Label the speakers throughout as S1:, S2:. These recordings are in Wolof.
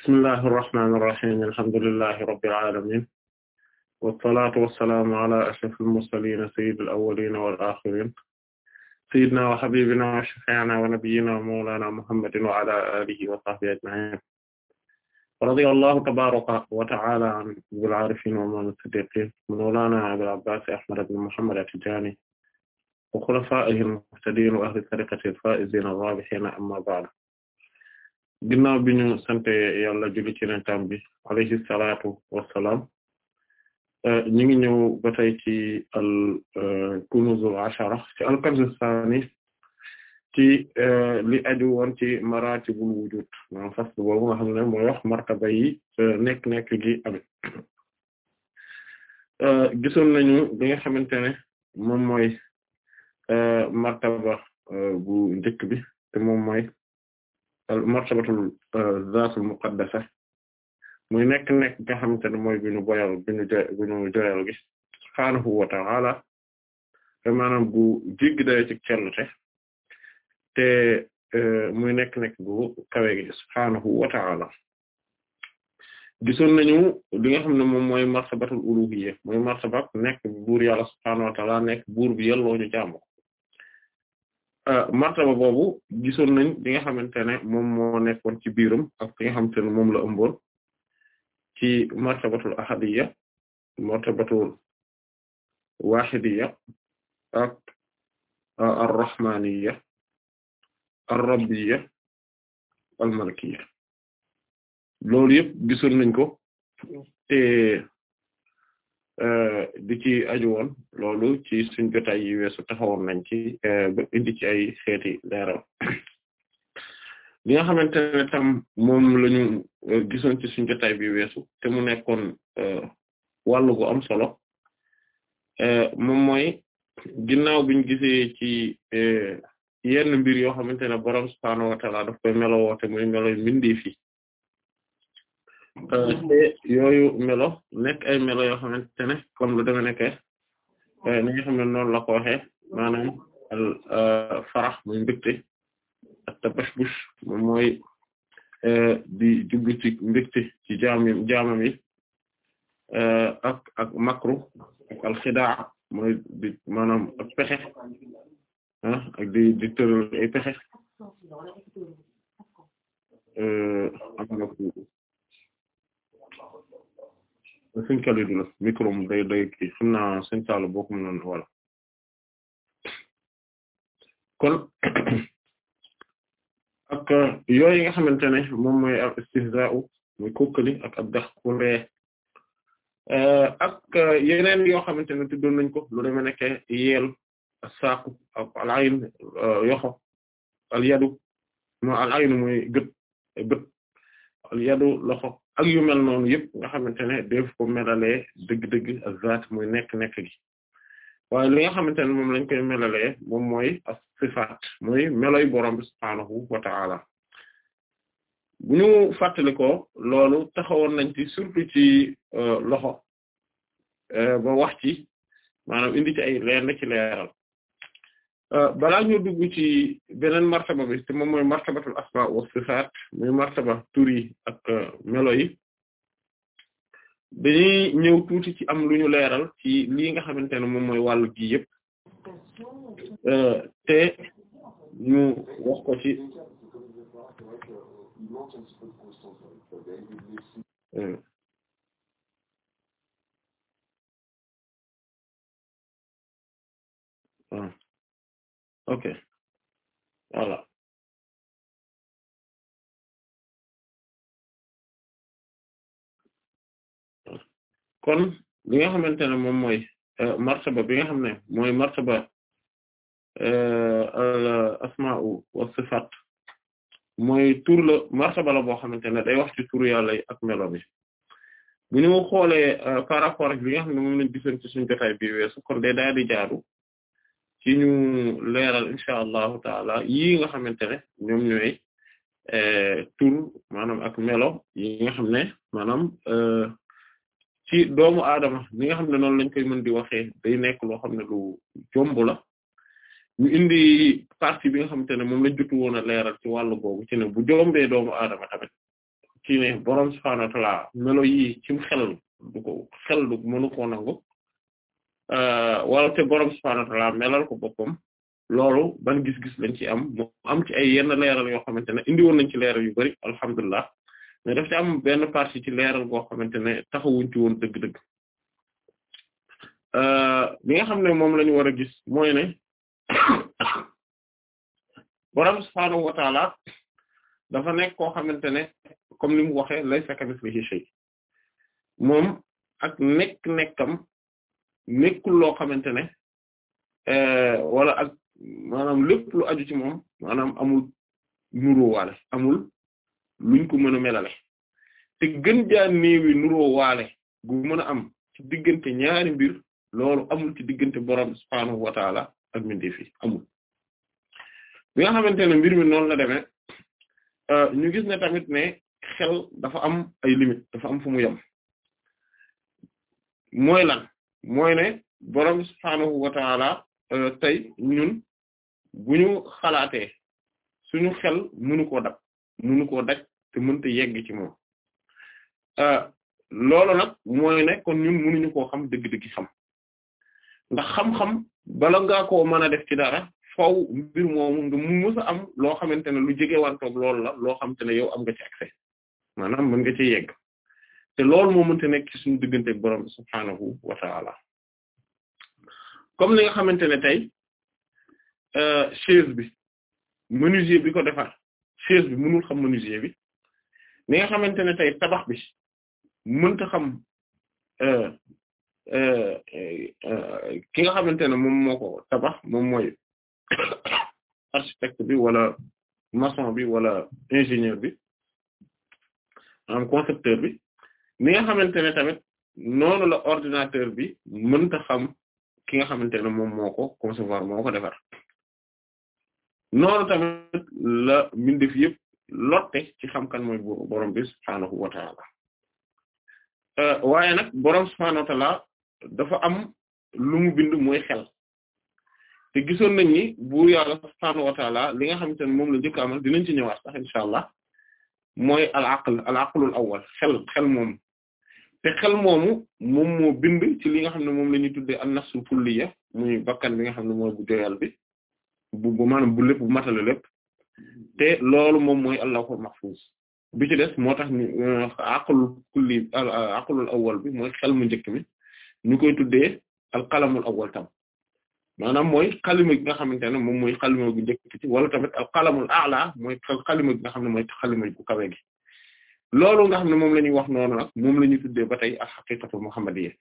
S1: bismillahi irrahmani irrahim alhamdulillahi rabbil alamin wassalatu wassalaamu ala ashrafil mursalin sayyidil awwalin wal akhirin sayyidina wa habibina wa shafi'ina wa nabiyyina wa mawlana muhammadin wa ala alihi wa sahbihi ajma'in radiyallahu tabaraka wa ta'ala an bil arifin wa mawlana siddiqin mawlana abil abbas ahmad ibn muhammad at-tijani wa khulafa'ihil muhtadin wa ahli tariqati al-fa'izin ar-rabihin amma ba'd ginnaaw bi ñu sante yàlla julli ci rentam bi alayhi salaatu wassalaam euh, ñu ngi ñëw ba tey ci al euh, kunuzul ashara ci al kanzu saani ci euh, li aju won ci maratibul wujud maanaam fas boobu nga xam ne mooy wax martaba yi nekk nekk gi amee gisoon nañu li nga xamante ne moom mooy martaba bu njëkk bi te moom martabatul euh, zaatul muqaddasa muy nekk nekk nga xamante ne mooy bi ñu boyal bi ñu bi ñu joyal gi subhaanahu wa ta'ala maanaam gu jéggi dayo ci euh, muy nekk nekk gu kawe gi subhaanahu wa ta'ala gisoon nañu li nga xam ne moom mooy martabatul uluhiyya mooy martabat nekk buur yàlla subhaanahu wa nekk buur bi yelloo ñu jaamu Euh, martaba boobu gisoon nañ li nga xamante ne moom moo nekkoon ci biiram ak li nga xamante ne moom la ëmboon ci martabatul ahadiyya martabatul wahidiyya ak euh, ar-rahmaniyya ar-rabbiyya al-malkiyya loolu yëpp gisoon nañ ko te Eh, di ci aju woon loolu ci suñ jotaay yi weesu nañ ci eh, ba indi ci ay xeeti leeral li nga xamante ne tam moom la ñu eh, gisoon ci suñ jotaay bi weesu te mu nekkoon wàllu gu am solo moom mooy ginnaaw biñ gisee ci yenn mbir yoo xamante ne borom subhaanahu wa ta'aala daf koy meloo woote muy melooy mbindeef Euh, yooyu melo nekk ay melo yoo xamante ne comme lu deme nekke euh, ni nga xam ne noonu la ko waxee maanaam al euh, farax muy mbégte ak tabashbush moom di jublu ci mbégte ci makru ak al di maanaam ak pexe ah di di ay pexe am na ku sëñ Kalidou la micro mu day day kii xam naa sëñ Saalum bokk mu noonu voilà kon ak euh, yooyu nga xamante ne moom mooy al istihzaa'u muy kokkali ak ku ree euh, ak euh, yeneen yoo xamante ne tuddoon nañ ko lu demee nekk yeel saaku ak al ayn yoxo al yadu mo al ayn mooy gët bët al yadu loxo ak yu mel noonu yëpp nga xamante ne def ko melalee dëgg-dëgg ak zaat muy nekk-nekk gi waaye li nga xamante ne moom lañ koy melalee moom mooy as-sifaat mooy meloy borom bi subhaanahu wa ta'ala bu ñu fàttali ko loolu taxawoon nañ ci surtout ci euh, loxo euh, ba wax ci maanaam indi ci ay leer na ci Euh, balaa ñu dugg ci beneen martaba bi te moom mooy martabatul asma wa sifaat muy martaba tur yi ak euh, melo yi dañuy ñëw tuuti ci am lu ñu leeral ci lii nga xamante ne moom mooy wàllu gi yépp euh, te ñu wax ko ci. ok voilà kon li nga xamante ne moom mooy euh, martaba bi nga xam ne mooy martaba euh, al wa sifaat mooy tur la martaba la boo xamante ne day wax ci tur yàlla yi ak melo bi bu xoolee euh, par rapport ak li nga xam ne moom lañ gisoon ci suñu jotaay bi kon day daal di jaadu ci leeral incha allahu taala yi nga xamante ne ñoom ñooy eh, tur maanaam ak melo yi nga xam ne maanaam eh, ci doomu aadama ni nga xam ne noonu lañ koy mën di waxee day nekk loo xam ne lu jomb la ñu indi partie bi nga xamante ne moom lañ jotu woon a leeral ci wàllu boobu ci ne bu jombee doomu aadama tamit ci ne boroom subhaanahu melo yi ci xel du ko xel du mënu nangu Euh, wala te borom subhaanahu wa ta'aala melal ko boppam loolu ban gis-gis lañ ci am mu am ci ay yenn leeral yoo xamante ne indi woon nañ ci leeral yu bari alhamdulilah mais daf am benn partie ci leeral goo xamante ne taxawuñ ci woon dëgg-dëgg euh, nga xam ne moom la ñu war a gis mooy ne borom subhaanahu wa ta'aala dafa nekk koo xamante ne comme ni mu waxee laysa kamithlihi shay moom ak nekk nekkam. nekkul loo xamante ne euh, wala ak maanaam lépp lu aju ci moom maanaam amul nuróowaale amul luñ ko mën a melale te gën jaa néewi nuróowaale gu mën a am ci diggante ñaari mbir loolu amul ci diggante borom subhaanahu wa taala ak mbindeef yi amul bi nga xamante ne mbir mi noonu la demee euh, ñu gis ne tamit ne xel dafa am ay limite dafa am fu mu yem mooy mooy ne borom subhaanahu wa taala euh, tey ñun bu ñu xalaatee suñu xel mënu koo dab mënu koo daj te mënta yegg ci moom euh, loolu nag mooy ne kon ñun mënuñu koo xam dëgg-dëgg xam ndax xam-xam bala ngaa koo mën a def ci dara faw mbir moomu nga mu am loo xamante ne lu jege wantoog loolu la loo xamante ne yow am nga ci accès maanaam mën nga ci yegg te loolu moo mënta nekk ci suñu diggante borom subhaanahu wa ta'ala comme ni nga xamante ne tey euh, chaise bi menuisier bi ko defar chaise bi mënul xam menuisier bi ni nga xamante ne tey tabax bi mënta xam euh, euh, ki nga xamante ne moom moo tabax moom mooy architecte bi wala maçon bi wala ingénieur bi am concepteur bi ni nga xamante ne tamit noonu la ordinateur bi mënta xam ki nga xamante ne moom moo ko concevoir moo ko defar noonu tamit la mbindeef yëpp lotte ci xam kan mooy borom bi subhaanahu wa ta'ala euh, waaye nag borom subhaanahu wa ta'ala dafa am lu mu bind mooy xel te gisoon nañ ni buur yàlla subhaanahu wa ta'ala li nga xamante ne moom la njëkk amal dinañ ci ñëwaat sax incha allah mooy al aql xel xel moom te xel moomu moom moo bind ci li nga xam ne moom la ñuy tuddee an nafsul kulliya muy bakkan bi nga xam ne mooy bu joyal bi bu bu maanaam bu lépp bu matale lépp te loolu moom mooy allahul mahfuz bi ci des moo tax ñu euh, aqlul kulli aqlul bi mooy xel mu njëkk mi ñu koy tuddee al qalamul awwal tam maanaam mooy xalima gi nga xamante ne moom mooy xalima gu njëkk wala tamit al qalamul a'la mooy xalima gi nga xam ne mooy xalima gu kawe loolu nga xam ne moom la ñuy wax noonu nag moom la ñuy tuddee ba tey a alxaqiqatu muhammadiyya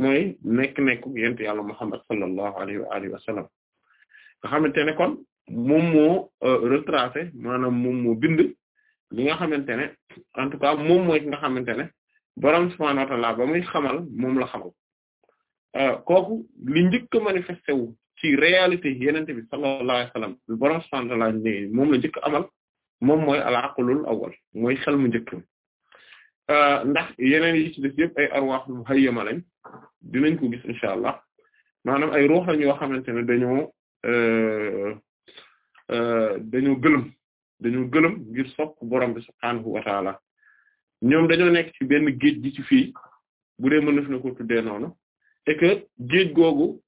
S1: mooy nekk-nekku yent yàlla muhammad sallallahu alayhi wa alihi nga xamante ne kon moom moo euh, retracé maanaam moom moo bind li nga xamante ne en tout cas moom mooy nga xamante ne borom subhaanahu wa ta'aala ba muy xamal moom la xamal euh, kooku li njëkk a manifesté wu ci réalité yenente bi sallallahu alayhi wa sallam borom subhaanahu wa ta'aala la njëkk amal moom mooy al aqlul awwal mooy xel mu njëkk euh, ndax yeneen yi ci def yëpp ay arwaax mu xayyama lañ dinañ ko gis incha allah maanaam ay ruux lañ yoo xamante ne dañoo euh, euh, dañoo gëlëm dañoo gëlëm ngir sopp borom bi subhaanahu wa taala ñoom dañoo nekk ci benn géej gi ci fii bu dee mënef na ko tuddee noonu et que géej googu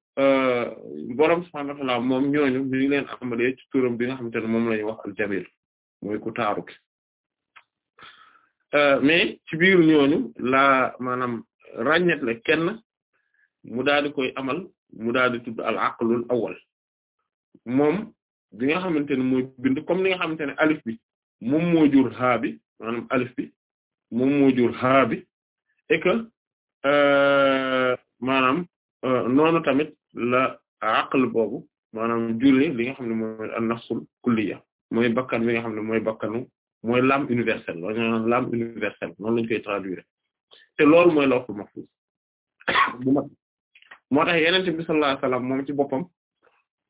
S1: borom subhaanahu wa taala moom ñooñu ñu ngi leen amalee ci turam bi nga xamante ne moom la wax al jabir mooy ku taaru ki euh, mais ci biir ñooñu laa maanaam ràññet la kenn mu daal di koy amal mu daal di tudd al aqlul awal moom bi nga xamante ne mooy bind comme ni nga xamante ne alif bi moom moo jur haa alif bi moom moo jur haa bi et que euh, euh, tamit la aql boobu maanaam jur li nga xam ne mooy an mooy bakkan bi nga xam ne mooy bakkanu mooy l'âme universelle wala l'âme universelle noonu lañu koy traduire te loolu mooy lawhul mahfuz bu mag moo tax yeneen bi sallallahu alayhi moom ci boppam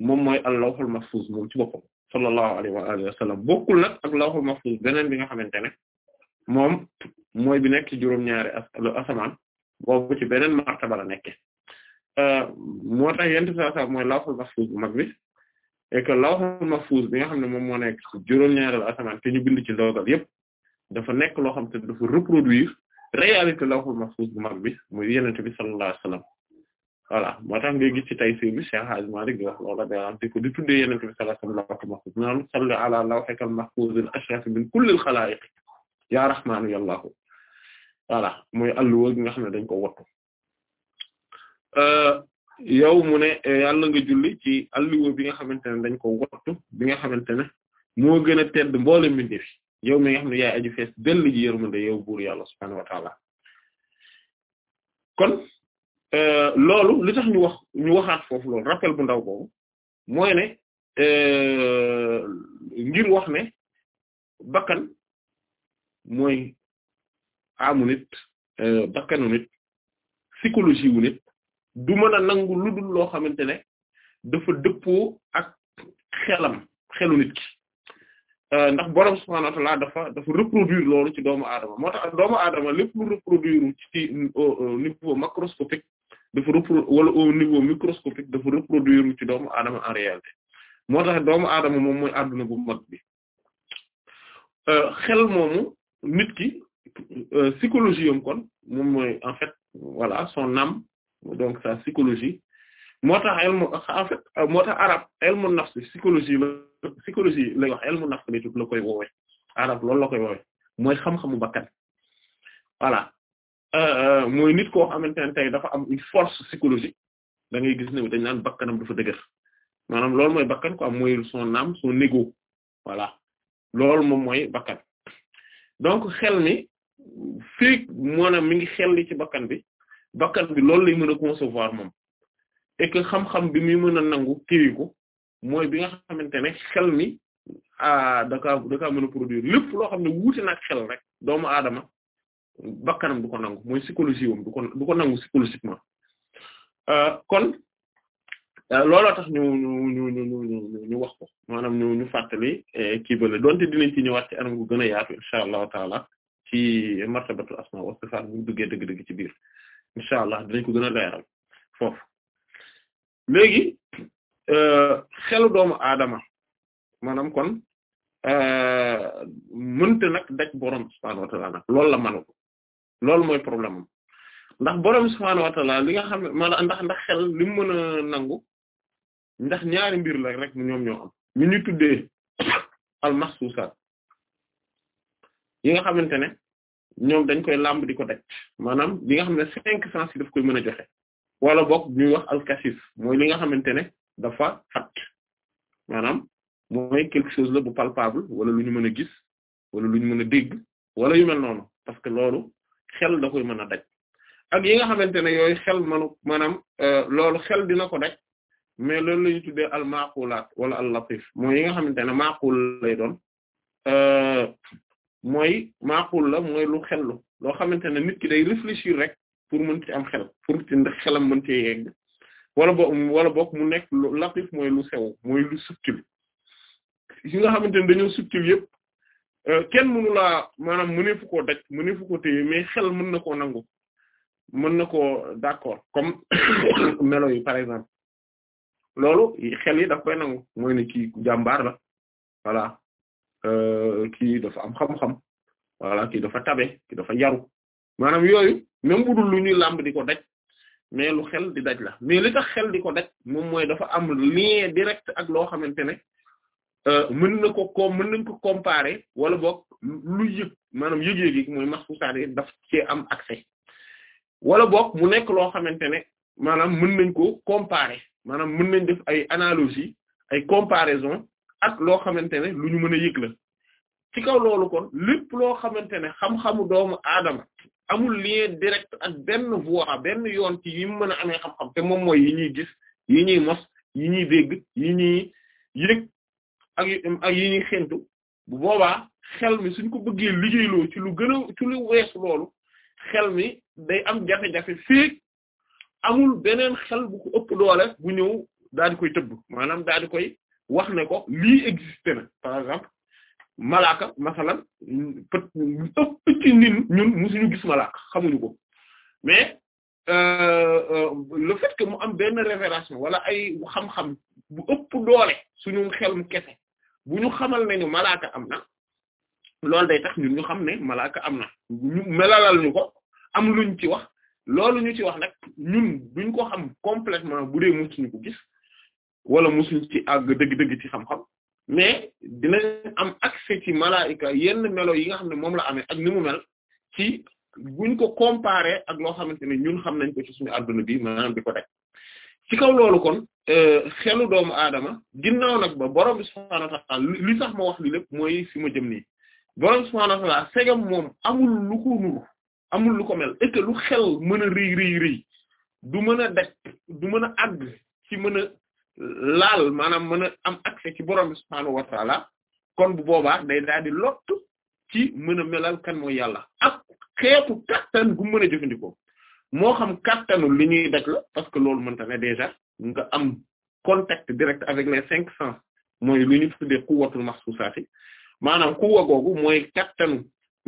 S1: moom mooy al lawhul mahfuz moom ci boppam sallallahu alayhi wa alihi wa sallam bokkul nag ak beneen bi nga xamante ne moom mooy bi nekk ci juróom-ñaari asamaan boobu ci beneen martaba la nekke euh, moo tax yeneen bi sallallahu alayhi wa sallam mooy bu mag bi et que lawhul mahfuz bi nga xam ne moom moo nekk juróom-ñaareelu asamaan te ñu bind ci yépp dafa nekk loo xam te dafa reproduire réalité lawhul mahfuz bu mag bi muy yenente bi sallallahu alayhi wasallam voilà moo tax ngay gis ci tay si bi Cheikh Hadj Malick di wax loola daam bi sallallahu alayhi wasallam lawhul mahfuz naan salli ala lawhikal mahfuzil ashraf nga xam ne dañ ko wattu euh, yow mu ne eh, yàlla nga julli ci alliwo bi nga xamante ne dañ ko wottu bi nga xamante ne moo gën a tedd mboole mbindeef yow mi nga xam ne yaay aju fees dell ji yërmande yow buur yàlla subhaanahu wa taala kon eh, loolu li tax ñu wax ñu waxaat foofu loolu rappel bu ndaw boobu mooy ne eh, ngir wax ne bakkan mooy amu nit bakkanu du mën nangu lu dul loo xamante ne dafa dëppoo ak xelam xelu nit ki euh, ndax borom subhaanahu wa ta'aala dafa dafa reproduire loolu ci doomu aadama moo tax doomu aadama lépp lu reproduire ci au niveau macroscopique dafa repro wala au niveau microscopique dafa reproduire ci doomu aadama en réalité doomu aadama moom mooy àdduna bu mag bi euh, xel moomu nit ki euh, psychologie am kon moom mooy en fait voilà son âme donc sa psychologie moo tax ilmu en fait moo tax arab la wax ilmu nafs la koy woowe arab loolu la koy woowe mooy xam-xamu bakkan voilà euh, euh, mooy nit koo xamante ne tey dafa am une force psychologique da ngay gis ne dañ naan bakkanam dafa dëgër maanaam loolu mooy bakkan quoi mooy son naam son ego voilà loolu moom mooy bakkan donc xel mi fii maanaam mi xel li ci bakkan bi bakkan bi loolu lay mën a concevoir moom et xam-xam bi muy mën a nangu téyiku mooy bi nga xamante ne xel mi ah dakaa dakaa mën a produire lépp loo xam ne wuute nag xel rek doomu aadama bakkanam du ko nangu mooy psychologie wam ko du ko nangu psychologiquement euh, kon euh, looloo tax ñu ñu ñu ñu ñu wax ko maanaam ñu ñu fàttali euh, kii bële donte dinañ ci ñëwaat ci anam gu gën a yaatu incha allahu taala ci martabatu asma wa sifat bu duggee dëgg-dëgg ci biir. incha allah dinañ ko gën a leeral foofu léegi euh, xelu doomu aadama maanaam kon euh, mënta nag daj borom subhaanahu wa ta'aala loolu la mënul loolu mooy problème am ndax borom subhaanahu wa ta'aala li nga xam ne maanaam ndax ndax xel li mu mën a nangu ndax ñaari mbir la rek ñoom ñoo am ñu ñu tuddee al yi nga xamante ne. ñoom dañ koy làmb ko daj maanaam li nga xam ne cinq sens yi daf koy mën a joxe wala boog ñuy wax alkashif mooy li nga xamante ne dafa xat maanaam mooy quelque chose la bu palpable wala lu ñu mën a gis wala lu ñu mën a dégg wala yu mel noonu parce que loolu xel da koy mën a daj ak yi nga xamante ne yooyu xel manu maanaam euh, loolu xel dina ko daj mais loolu la ñu tuddee al maqulaat wala al latif mooy yi nga xamante ne maqul lay doon euh, mooy maaqul la mooy lu xellu loo xamante ne nit ki day rek pour mën ci am xel pour ci ndax xelam mën cee yegg wala bo wala boog mu nekk lu latif mooy lu sew mooy lu subtil yi nga xamante ne dañoo subtil yëpp euh, kenn mënu laa maanaam mëneefu koo daj mëneefu koo téye mais xel mën na koo nangu mën na koo d'accord comme melo yi par exemple loolu xel yi daf koy nangu mooy ne kii jàmbaar la voilà Euh, kii dafa am xam-xam voilà kii dafa tabe kii dafa yaru maanaam yooyu même bu lu ñuy làmb di ko daj mais lu xel di daj la mais li xel di ko daj moom mooy dafa am lien direct ak loo xamante ne euh, mën na ko ko mën nañ ko comparer wala boog lu yëg maanaam yëg-yëg yi mooy max fusaade daf cee am accès wala mu nekk loo xamante ne maanaam mën nañ ko comparer maanaam mën nañ def ay analogie ay comparaison ak loo xamante ne lu ñu mën a yëg la ci kaw loolu kon lépp loo xamante ne xam-xamu doomu aadama amul lien direct ak benn voie benn yoon ci yi mu mën a amee xam-xam te moom mooy yi ñuy gis yi ñuy mos yi ñuy dégg yi ñuy yëg ak yi ñuy xentu bu boobaa xel mi suñ ko bëggee liggéeyloo ci lu gën a ci lu weesu loolu xel mi day am jafe-jafe fii amul beneen xel bu ko ëpp doole bu ñëw daal koy tëbb maanaam daal koy wax ne ko lii existé na par exemple malaaka masalan peut ëpp ñun musuñu gis malaaka xamuñu ko mais euh, euh, le fait que mu am benn révélation wala ay xam-xam bu ëpp doole suñu xelum kese bu ñu xamal ne ñu malaaka am na loolu day tax ñun ñu xam ne malaaka am na ñu melalal ñu ko am luñ ci wax loolu ñu ci wax nag ñun duñ ko xam complètement bu dee musuñu ko gis wala musuñ ci àgg dëgg-dëgg ci xam-xam mais dinañ am accès ci malaayika yenn melo yi nga xam ne moom la amee ak ni mu mel ci buñ ko comparer ak loo xamante ne ñun xam nañ ko ci suñu adduna bi maanaam di ko teg ci kaw loolu kon euh, xelu doomu aadama ginnaaw nag ba borom bi subhaanahu wa ta'aala li sax ma wax li lépp mooy fi ma jëm nii borom bi subhaanahu wa ta'aala segam moom amul lu ko nuru amul lu ko mel et que xel mën a rëy rëy du mën a daj du mën a àgg ci mën laal maanaam mën am accès ci borom subhaanahu wa kon bu boobaa day daal di lott ci mën a melal kan mooy yàlla ak xeetu kattan gu mën a jëfandikoo moo xam kattanu li ñuy daj la parce que loolu mënta ne déjà nga am contact direct avec les cinq sens mooy lu ñu tuddee quwwatul mahsusaati maanaam quwwa googu mooy kattanu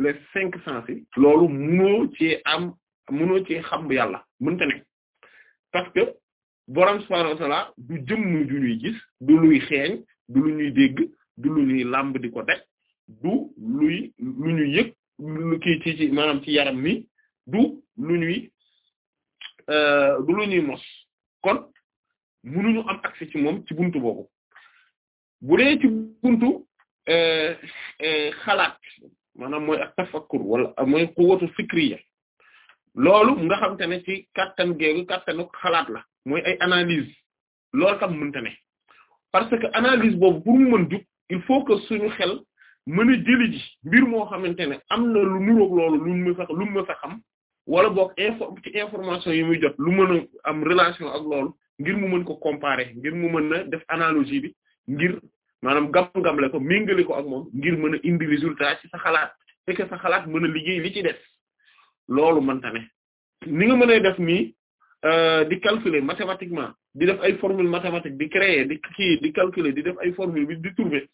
S1: les cinq sens yi loolu mënoo ci am mënoo ci xam yàlla mënta ne parce que borom subhaanahu wa ta'aala du jëmm ju ñuy gis du luy xeeñ du lu ñuy dégg du lu ñuy làmb di ko daj du luy lu ñuy yëg lu ci ci maanaam ci yaram mi du lu ñuy euh, du lu ñuy mos kon mënuñu am accès ci moom ci buntu boobu bu dee ci buntu euh, euh, xalaat maanaam mooy ak tafakkur wala mooy quwwatu fikriya loolu nga xam te ne ci kattan geegu kattanu xalaat la mooy ay analyse loolu tam mënta ne parce que analyse boobu pour mu mën jug il faut que suñu xel mën a jëli mbir moo xamante ne am na lu nuroog loolu lu mu fa lu mu fa xam wala boog information yi muy jot lu mën a am relation ak lool ngir mu mën ko comparer ngir mu mën na def analogie bi ngir maanaam gam-gamle ko méngale ko ak moom ngir mën a indi résultat ci sa xalaat et mën a liggéey li loolu mënta ne ni nga mën a def nii euh, di calculer mathématiquement di def ay formule mathématique di créer di kii di calculer di def ay formule bi di trouver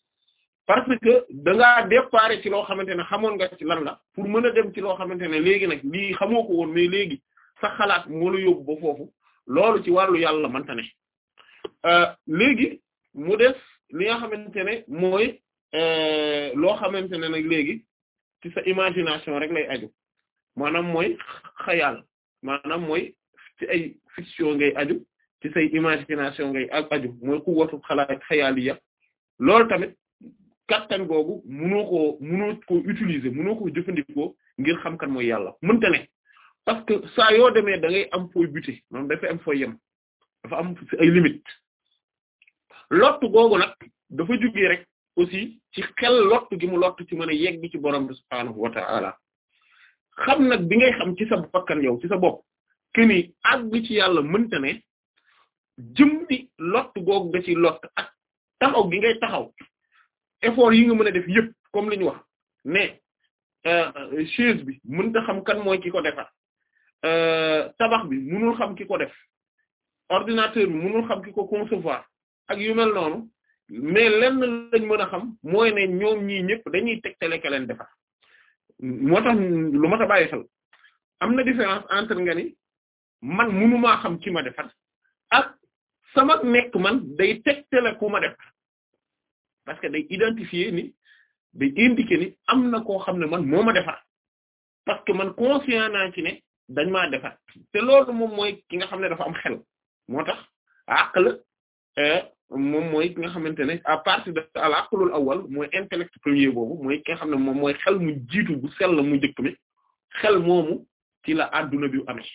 S1: parce que da départ ci loo xamante ne xamoon nga ci lan la pour mën a dem ci loo xamante ne léegi nag lii xamoo ko woon mais léegi sa xalaat moo la yóbbu ba foofu loolu ci wàllu yàlla mënta ne euh, léegi mu def li nga xamante ne mooy euh, loo xamante ne nag léegi ci sa imagination rek lay aju maanaam mooy xayaal maanaam mooy ci ay fiction ngay aju ci say imagination ngay aju mooy ku watu xalaat xayaaliya lool tamit kattan googu mënoo ko mënoo koo utiliser mënoo koo jëfandikoo ngir xam kan mooy yàlla mënta ne parce que saa yoo demee da ngay am fooy buté moom dafa am fooy yem dafa am ay limites lott googu nag dafa jugee rek aussi ci xel lott gi mu lott ci mën a yegg ci borom bi subhaanahu wa ta'ala xam nag bi ngay xam ci sa yow ci sa bopp que ni àgg ci yàlla mënta ne jëm di goog nga ci lott ak taxaw gi ngay taxaw effort yi nga mën a def yëpp comme li wax mais euh, chaise bi mënta xam kan mooy ki ko defar euh, tabax bi mënul xam ki ko def ordinateur bi mënul xam ki ko concevoir ak yu mel noonu mais lenn lañ mën a xam mooy ne ñoom ñii ñëpp dañuy tegtale ka leen defar moo tax lu ta bàyyi xel am na différence entre nga ni man munumaa xam ci ma defat ak sama nekk man day tegtale ku ma def parce que day identifier ni day indiquer ni am na koo xam ne man moo ma defar parce que man conscient naa ci ne dañ maa defar te loolu moom mooy ki nga xam ne dafa am xel moo tax àq la euh, moom mooy ki nga xamante ne à partir de al aqlul awal mooy intellect premier boobu mooy ki nga xam ne moom mooy xel mu jiitu bu sel la mu njëkk mi xel moomu ci la àdduna bi amee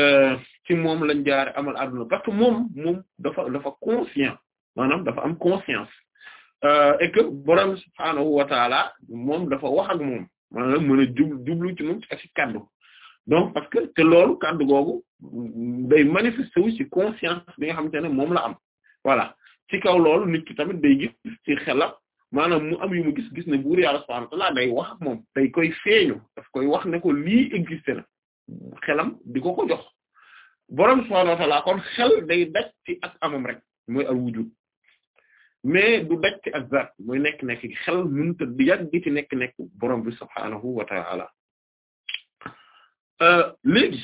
S1: euh, ci moom lañ jaare amal adduna parce que moom moom dafa dafa conscient maanaam dafa am conscience euh, et que borom subhaanahu wa moom dafa wax ak moom maanaam mën a jub jublu ci moom ak ci kaddu donc parce que te loolu kaddu googu day manifester wu ci conscience bi nga xamante ne moom la am. voilà ci kaw loolu nit ki tamit day gis ci xelam maanaam mu am yu mu gis gis ne buur yàlla subhaanahu wa ta'aala day wax ak moom day koy feeñu daf koy wax ne ko lii existé na xelam di ko ko jox boroom subhaanahu wa ta'aala kon xel day daj ci ak amam rek mooy al wujud mais du daj ci ak zaat mooy nekk-nekk gi xel mënut a yàgg di ci nekk-nekk boroom bi subhaanahu wa ta'aala euh, léegi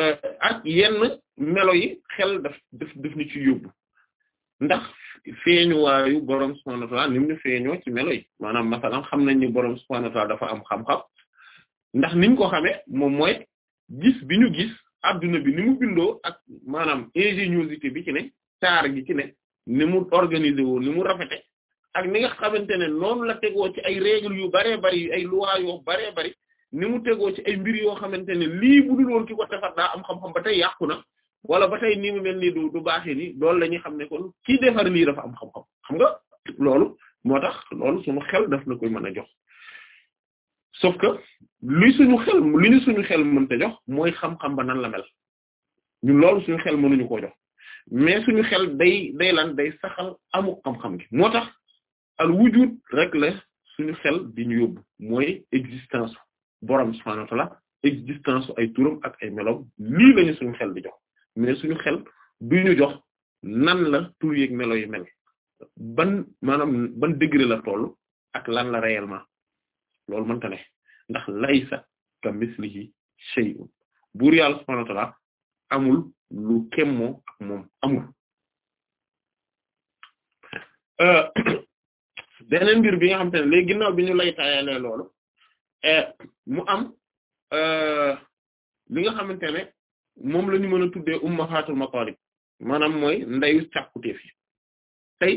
S1: euh, ak yenn melo yi xel daf def daf ni ci yóbbu ndax feeñuwaayu borom subhanahu wa ta'ala nim ñu feeñoo ci melo yi maanaam masalan xam nañ ni borom subhanahu wa dafa am xam-xam ndax niñ ko xamee moom mooy gis bi ñu gis adduna bi ni mu bindoo ak maanaam ingéniosité bi ci ne taar gi ci ne ni mu organisé woo ni mu rafete ak ni nga xamante ne noonu la tegoo ci ay règles yu baree bari ay lois yoo baree bari ni mu tegoo ci ay mbir yoo xamante ne lii bu dul woon ki ko defar daa am xam yàqu na wala ba tey ni mu mel ni du du baaxee ni loolu lañuy ñuy xam ne kon kii defar lii dafa am xam-xam nga loolu moo tax loolu suñu xel daf na koy mën a jox sauf que li suñu xel li ñu suñu xel mënta jox mooy xam-xam ba nan la mel ñun loolu suñu xel mënuñu koo jox mais suñu xel day day lan day saxal amu xam-xam moo tax al wujud rek la suñu xel di ñu yóbbu mooy existence borom subhanahu wa ta'ala existence ay turam ak ay melom lii lañu suñu xel di jox mais suñu xel du jox nan la tur yeeg melo yi mel ban maanaam ban degré la toll ak lan la réellement loolu mënta ne ndax laysa ka mislihi shay'un buur yàlla subhaanahu wa ta'aala amul lu kemmoo ak moom amul euh, beneen mbir bi nga xam te ne léegi ginnaaw bi ñu lay taayalee euh, mu am euh, li nga xamante ne mom la ñu mën a tuddee ummahatul maqalib maanaam mooy ndeyu càkkuteef yi tey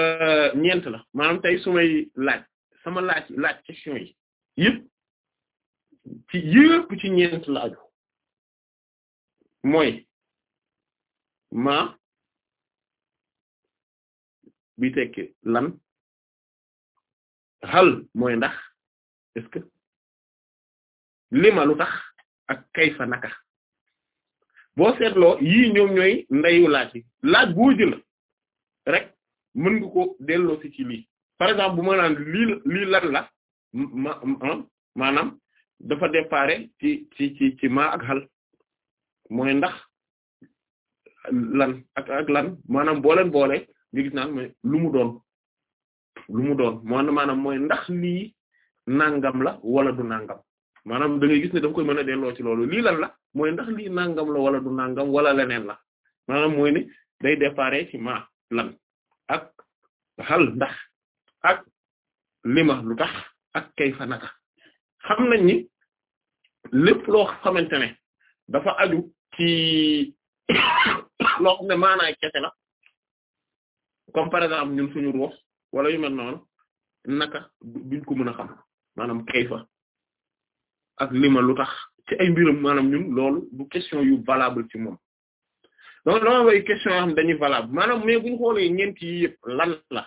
S1: euh, ñeent la maanaam tey su may laaj sama laaj laaj question yi yëpp ci yëpp ci ñeent la aju mooy ma bi tekki lan hal mooy ndax est-ce que lima tax ak kayfa naka boo seetloo yii ñoom ñooy ndeyu laaj yi laaj boo jël rek mën nga ko delloo si ci lii par exemple bu ma naan lii lii lan la ma ah, maanaam dafa départ ci ci ci ci maa xal mooy ndax lan ak lan maanaam boo leen boole nga mooy lu mu doon lu mu doon moo maanaam mooy ndax lii nangam la wala du nangam maanaam da ngay gis ne dafa koy mën a delloo ci loolu lii lan la mooy ndax lii nangam la wala du nangam wala leneen la maanaam mooy ne day dépare ci ma lan ak xal ndax ak lima lu tax ak kay fa naka xam nañ ni lépp loo xamante ne dafa aju ci loo xam ne maanaay kese la comme par exemple ñun suñu ruux wala yu mel noonu naka duñ ko mën xam maanaam kay fa ak lima lu tax ci ay mbiram maanaam ñun loolu du question yu valable ci moom donc dama way question yoo xam dañuy valable maanaam mais bu ñu xoolee ñeent yi yëpp lan la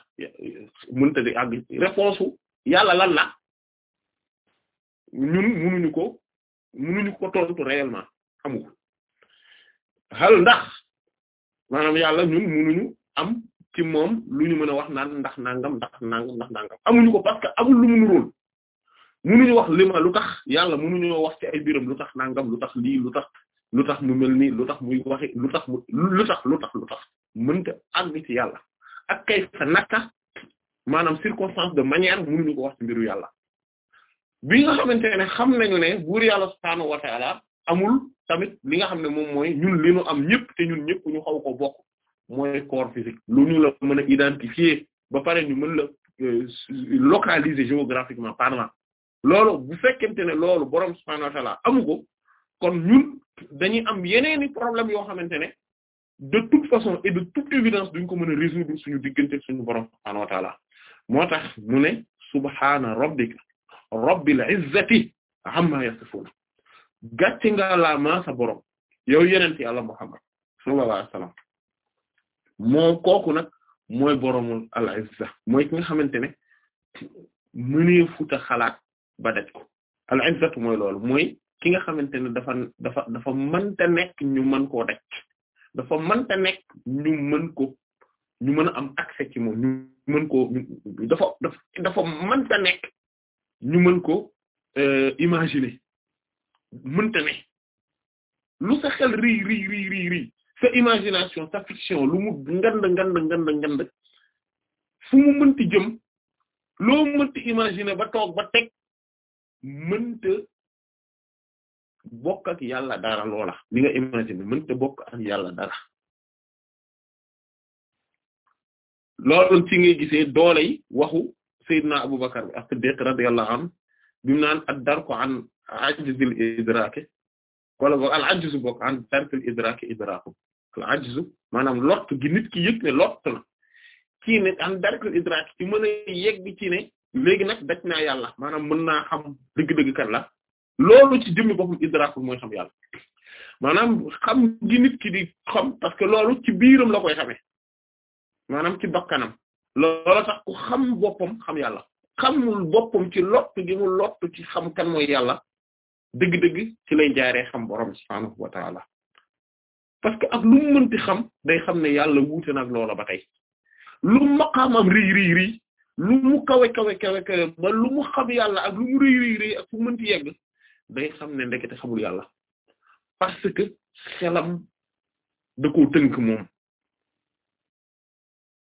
S1: mënta di àgg réponse u yàlla lan la ñun mënuñu ko mënuñu ko tontu réellement amu xal ndax maanaam yàlla ñun mënuñu am ci moom lu ñu mën a wax naan ndax nangam ndax nangam ndax nangam amuñu ko parce que amul lu mu nuróol munuñu wax li lu tax yàlla munuñoo wax ci ay biram lu tax nangam lu tax lii lu tax lu tax mu mel nii lu tax muy waxi lu tax mu lu tax lu tax mën ta mënta am ci yàlla ak kay fa naka maanaam circonstance de manière munuñu ko wax ci mbiru yàlla bi nga xamante ne xam nañu ne buur yàlla subhaanahu wa la amul tamit li nga xam ne moom mooy ñun li ñu am ñëpp te ñun ñëpp ñu xaw ko bokk mooy corps physique lu ñu la mën a identifier ba pare ñu mën la localiser géographiquement parlant loolu bu fekkente ne loolu borom subhaanahu wa ta'aala ko kon ñun dañuy am yeneeni problème yoo xamante ne de toute façon et de toute évidence duñ ko mën a résoudre suñu diggante suñu borom subhaanahu wa moo tax mu ne subhaana rabbika rabbil izzati amma yasifuun gàcce nga la ma sa borom yow yeneen ci Yàlla Muhammad sallallahu alayhi wa moo kooku nag mooy boromul al izza mooy ki nga xamante ne xalaat ba daj ko al izzatu mooy loolu mooy ki nga xamante ne dafa dafa dafa mënta nekk ñu mën koo dafa mënta mën ko ñu mën a am accès ci moom mën ko dafa dafa dafa mënta nekk ñu mën ko euh, imaginer mënta ne lu sa xel ri ri ri ri sa imagination sa fiction lu mu ngand ngand ngand ngand fu mu mënti jëm loo mënti imaginer ba toog ba teg mënta bokk ak yàlla dara loola li nga imaginer mënta bokk ak yàlla dara loolu ci gisee doole yi waxu Seydina Abubakar bi as-Siddiq radiyallahu anhu bi mu naan an ajzil idraaki wala boog al-ajzu bokk an darkil idraaki al-ajzu maanaam lott gi ki yëg ne lott na ci an darkil idraaki ci mën a yegg ci léegi nag daj naa yàlla maanaam mën naa xam dëgg-dëgg kan la loolu ci jëmmi boppam idrakul mooy xam yàlla maanaam xam gi nit di xam parce que loolu ci biiram la koy xamee maanaam ci bakkanam loolu ku xam boppam xam yàlla xam boppam ci lott gi mu lott ci xam kan mooy yàlla dëgg-dëgg ci lay jaaree xam borom subhaanahu wa taala parce que ak lu mu mënti xam day xam ne yàlla wuute nag loola ba tey lu maqaamam rii rii rii lu mu kawe kawe kawe ba lu xam yàlla ak lu mu rëy fu mënti yegg day xam ne ndekete xamul yàlla parce que xelam da koo tënk moom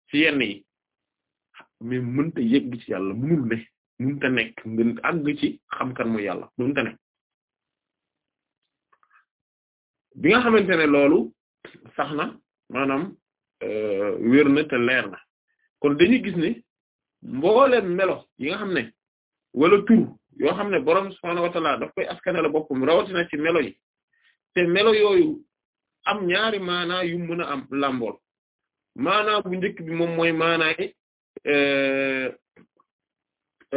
S1: ci yenn yi mais mënta yegg ci yàlla mënul ne mënta nekk nga àgg ci xam kan mooy yàlla mënta nekk bi nga xamante ne loolu sax na maanaam euh, wér na te leer na kon dañuy gis ne mbooleem melo yi nga xam ne wala tur yoo xam ne borom subhaanahu wa ta'ala daf koy askanale rawatina ci melo yi te melo yooyu am ñaari maanaa yu mën a am làmbool maanaa bu njëkk bi moom mooy maanaay euh,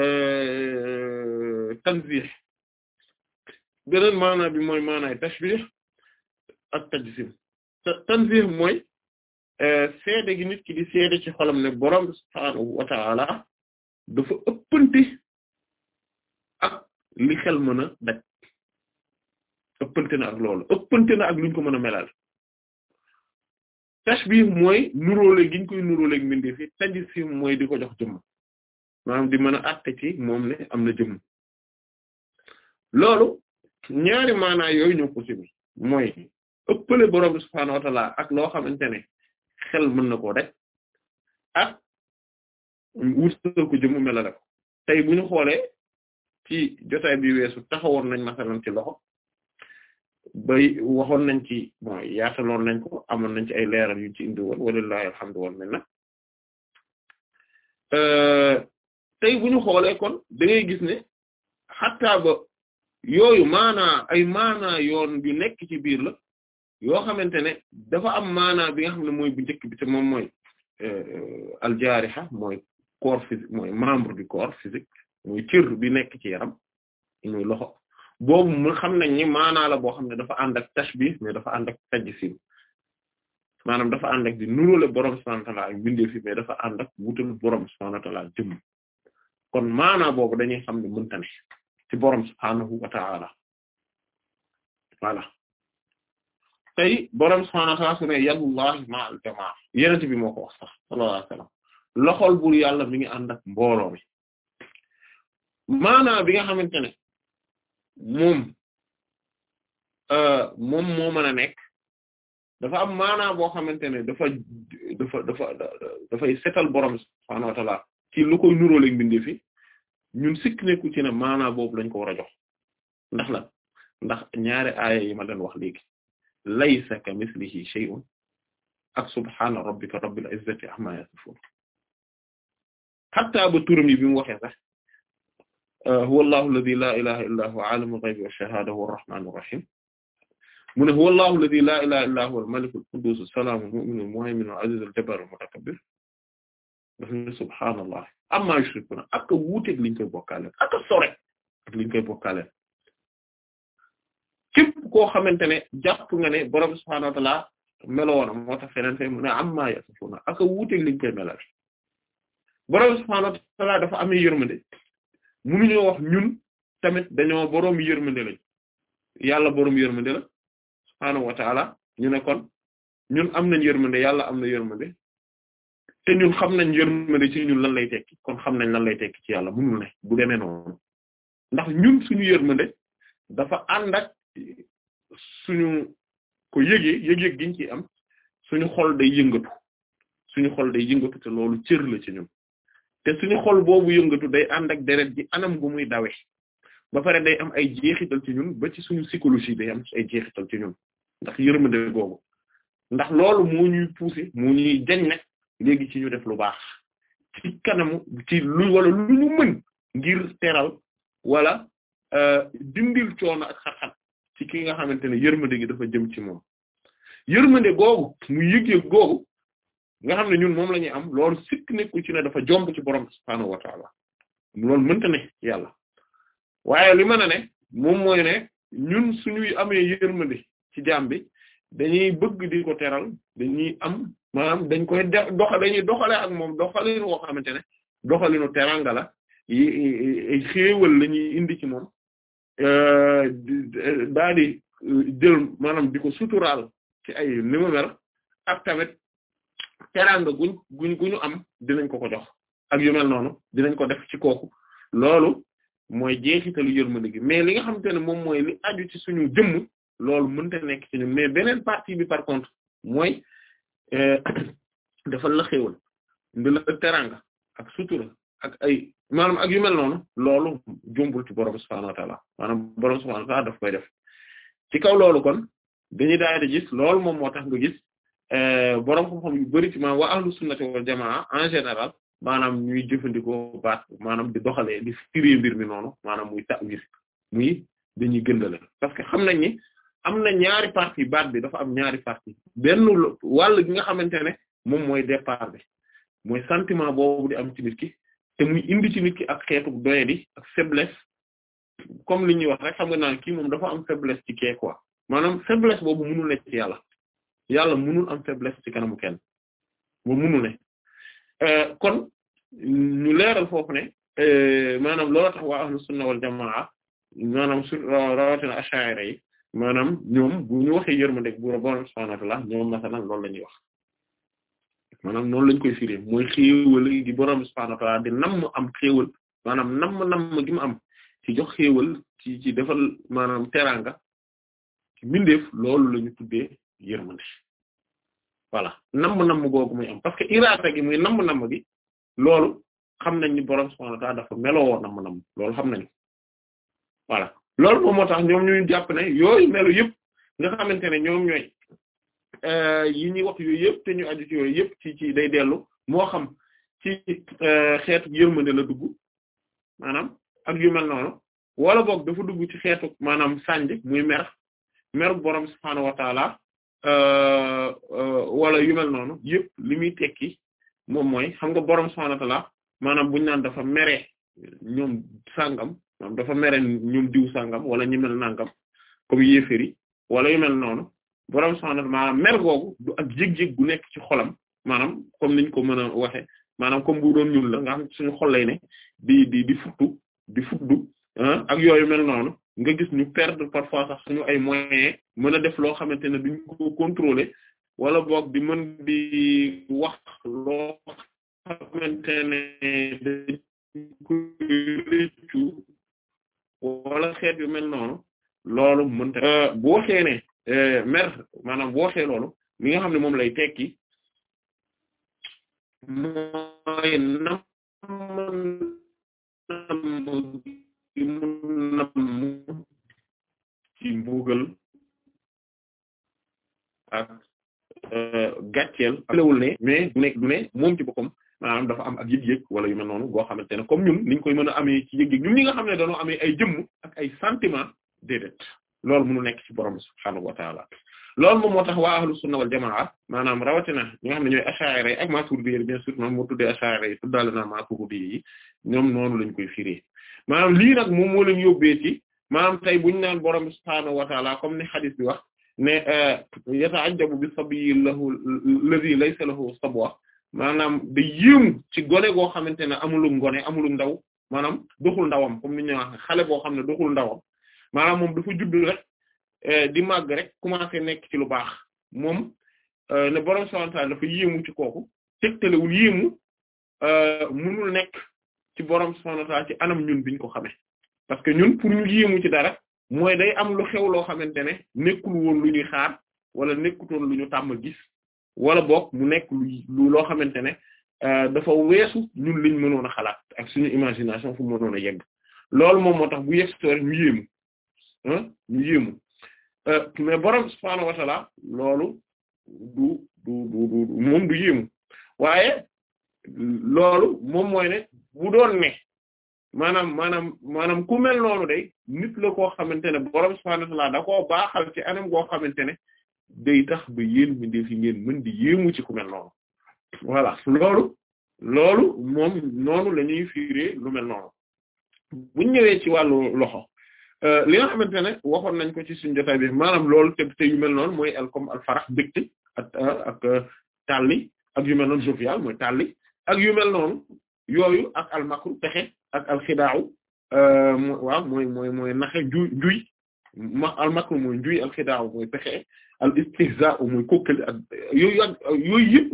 S1: euh, tanzih beneen maanaa bi mooy maanaay seede gi nit ki di seede ci xolam ne borom subhaanahu wa ta'ala dafa ëppante ak li xel mën a daj ëppante na ak loolu ëppante na ak luñ ko mën a melal tashbih mooy nuróole gi ñu koy nuróoleeg mbindeef yi mooy di ko jox jëmm maanaam di mën a àtte ci moom am na jëmm loolu ñaari maanaa yooyu ñoo possible mooy ëppale borom subhaanahu wa ta'ala ak loo xamante ne xel mën na koo daj ak wutal ko jëmu melale ko tey bu ñu xoolee ci jotaay bi weesu taxawoon nañ masalan ci loxo bay waxoon nañ ci bon yaataloon nañ ko amoon nañ ci ay leeral yu ci indi woon walillahi alhamdu wal minna euh, tey bu ñu xoolee kon da ngay gis ne xataa ba yooyu maanaa ay maanaa yoon yu nekk ci biir la yoo xamante ne dafa am maanaa bi nga xam ne mooy bu njëkk bi te moom mooy euh, aljariha mooy corps physique mooy membre du corps physique mooy cër bi nekk ci yaram loxo boobu mu xam nañ ni maanaa la boo xam ne dafa ànd ak bi mais dafa ànd ak tajsim maanaam dafa ànd ak di nuróole borom subhanahu wa ta'ala ak bindee fi dafa ànd ak wutal borom subhanahu wa ta'ala jëmm kon maanaa boobu dañuy xam ne mënta ne ci borom subhanahu wa tey borom subhaanahu wa ta'aala a ne yadullahi ma'al jamaa bi moo ko sax sallallahu bur yàlla mi ngi ànd ak mbooloo mi maanaam bi nga xamante ne mom euh, moom moo mën a nekk dafa am maanaam boo xamante ne dafa dafa dafa dafay setal borom subhaanahu wa ta'aala ci lu koy nuróoleeg mbindee fi ñun sikk nekku ci ne maanaam boobu lañ ko war a jox ndax la ndax ñaari aaya yi ma leen wax léegi laysa ka mislihi shay'un ak subhaana rabbika rabbil izzati amma yasifun hatta ba turam yi bi mu waxee sax euh, huwa allahu alladhi la ilaha illa huwa alimul ghaybi wash-shahada huwa ar-rahmanur rahim mu ne huwa allahu alladhi la ilaha illa huwa al-malikul quddus as-salamul mu'minul muhayminul azizul jabbarul mutakabbir daf ne subhaanallah amma yushrikuna ak wuuteeg liñ koy bokkaale ak sore ak liñ koy bokkaale koo xamante ne jàpp nga ne borom subhaanahu wa ta'aala meloona moo tax feneen fay mu ne amma yasifuna ak wuuteeg liñ koy melal borom subhaanahu wa ta'aala dafa amee yërmande mënuñoo wax ñun tamit dañoo borom yërmande lañ yàlla borom yërmande la subhaanahu wa ta'aala ñu ne kon ñun am nañ yërmande yàlla am na yërmande te ñun xam nañ yërmande ci ñun lan lay tekki kon xam nañ lan lay tekki ci yàlla mënul ne bu demee noonu ndax ñun suñu yërmande dafa ànd suñu ko yëgee yëg-yëg giñ ci am suñu xol day yëngatu suñu xol day yëngatu te loolu cër la ci ñun te suñu xol boobu yëngatu day ànd ak deret ji anam gu muy dawe ba pare day am ay jeexital ci ñun ba ci suñu psychologie day am ay jeexital ci ñun ndax yërëma yërmande googu ndax loolu moo ñuy pousser moo ñuy jañ nag léegi ci ñu def lu baax ci kanamu ci lu wala lu ñu mën ngir teral wala euh, dindil coono ak xat ci ki nga xamante ne yërmande gi dafa jëm ci moom yërmande googu mu yëg-yëg googu nga xam ne ñun moom la ñuy am lool sikk nekku ci ne dafa jomb ci borom subhaanahu wa ta'ala loolu mënta ne yàlla waaye li mën ne moom mooy ne ñun suñuy amee yërmande ci jaam bi dañuy bëgg di ko teral dañuy am maanaam dañ koy doxa dañuy doxale ak moom doxalinu woo xamante ne doxalinu teranga la ay xéewal la ñuy indi ci moom Euh, daa di euh, jël maanaam di ko suturaal ci ay ni mu mel ak tamit teraanga guñ guñu am dinañ ko ko jox ak yu noonu dinañ ko def ci kooku loolu mooy jeexitalu yërmande gi mais li nga xamante ne moom mooy li aju ci suñu jëmm loolu mënta nekk ci ñun mais beneen partie bi par contre mooy euh, dafa la xéewal ndi la ak sutura ak ay maanaam ak yu mel noonu loolu jumbul ci borom subhaanahu wa ta'aala maanaam borom subhaanahu wa ta'aala daf koy def ci kaw loolu kon dañuy daal di gis loolu moom moo tax nga gis euh, borom xam-xam yu bari ci maanaam waa ahlu sunnati wal jamaa en général maanaam ñuy jëfandikoo baat maanaam di doxalee di firi mbir mi noonu maanaam muy ta ta'wil muy dañuy gëndale parce que xam nañ ni am na ñaari partie baat bi dafa am ñaari partie benn wàll gi nga xamante ne moom mooy départ bi mooy sentiment boobu di am ci nit ki te muy indi ci nit ki ak xeetu doyadi ak faiblesse comme li ñuy wax rek xam nga naan kii moom dafa am faiblesse ci kee quoi maanaam faiblesse boobu mënul nekk ci yàlla yàlla mënul am faiblesse ci kanamu ken boobu mënul ne euh, kon ñu leeral foofu ne euh, maanaam looloo tax waa ahlu sunna wal jamaa maanaam su rawatina ash'ari yi maanaam ñoom bu ñu waxee yërmande bu borom subhaanahu wa ta'aala ñoom masalan loolu la ñuy wax maanaam noonu lañ koy firi mooy xéewal gi borom subhaanahu wa ta'aala mu nam am xéewal maanaam nam nam gi mu am ci jox xéewal ci ci defal maanaam teraanga ci mbindeef loolu la ñu tuddee yërmande voilà nam nam googu muy am parce que iraada gi muy nam nam nañ ni borom subhaanahu wa ta'aala dafa meloo nam nam loolu xam nañ voilà loolu moom moo tax ñoom ñu jàpp ne yooyu melo yëpp nga xamante ne ñoom ñooy Euh, yi ñuy wax yooyu yëpp te ñu aju ci yooyu yëpp ci ci day dellu moo xam ci euh, xeetu yërmande la dugg maanaam ak yu mel noonu wala boog dafa dugg ci xeetu maanaam sànj muy mer mer boroom subhaanahu wa taala euh, wala yu noonu yëpp li muy tekki moom mooy xam nga boroom subhaanahu wa maanaam buñu naan dafa mere ñoom sàngam maanaam dafa mere ñoom diw sàngam wala ñu mel nangam comme wala yu noonu borom subhaanahu maanaam mer googu du ak jég-jég gu nekk ci xolam maanaam comme niñ ko mën a waxe maanaam comme bu doon ñun la nga xam suñu xol lay ne di di di futtu di futtu ak yooyu mel noonu nga gis ñu perdre parfois sax suñu ay moyens mën a def loo xamante ne duñ ko contrôler wala boog di mën di wax loo xamante ne dañ koy wala xeet yu mel noonu loolu mënta euh, bu waxee Euh, mer maanaam boo waxee loolu mi nga xam ne moom lay tekki mooy nam nam ci mbugal ak euh, gàcceel lewul ne mais du nekk du ne moom ci boppam maanaam dafa am ak yëg-yëg wala yu mel noonu goo xamante ne comme ñun niñ koy mën a amee ci yëg-yëg ñun ñi nga xam ne dañoo amee ay jëmm ak ay sentiment déedéet loolu mënu nekk ci borom subhaanahu wa taala loolu moom moo tax waa ahlu sunna wal jamaa maanaam rawatina ñi nga xam ne ñooy ash'ari ak maturidi bien sûr moom moo tuddee ash'ari yi tuddaale na maturidi yi ñoom noonu lañ koy firi maanaam lii nag moom moo leen yóbbee ci maanaam tey buñu naan borom subhaanahu wa taala comme ni hadith bi wax ne euh, yata'ajjabu bi sabiyyi lahu alladhi laysa lahu sabwa maanaam da yéemu ci gone goo xamante ne amulum ngone amulum ndaw maanaam doxul ndawam comme ni ñu wax xale boo xam ne doxul ndawam maanaam moom dafa judd rek eh, di màgg rek commencé nekk ci lu baax moom eh, ne borom subhaanahu wa dafa yéemu ci kooku tegtalewul yéemu eh, mënul nekk ci borom subhaanahu wa ci anam ñun biñ ko xamee parce que ñun pour ñu yéemu ci dara mooy day am lu xew loo xamante ne nekkul woon lu ñuy xaar wala nekkutoon lu ñu tàmm gis wala boog mu nekk lu loo xamante ne dafa weesu ñun liñ mënoon a xalaat ak suñu imagination fu mënoon a yegg loolu moom moo tax bu yegg ñu yéemu. ñu yéemu euh, mais borom subhaanahu wa ta'ala loolu du du du du du yéemu waaye loolu moom mooy ne bu doon ne maanaam maanaam maanaam ku mel noonu nit la koo xamante ne borom subhaanahu wa ta'ala da koo baaxal ci anam goo xamante ne day tax ba yén mi def yi ngeen di yéemu ci ku mel noonu voilà loolu loolu moom noonu la ñuy fiiree lu mel noonu buñ ci wàllu loxo Euh, li nga xamante ne waxoon nañ ko ci suñu jotaay bi maanaam loolu te te yu mel noonu mooy al comme al farax bégte ak ak euh, tàlli ak yu mel noonu jovial mooy tàlli ak yu mel noonu yooyu ak al makru pexe ak al xidaaw euh, waaw mooy mooy mooy naxe ju juy ma al makru mooy juy al xidaaw mooy pexe al istihza mooy kokkali ak yooyu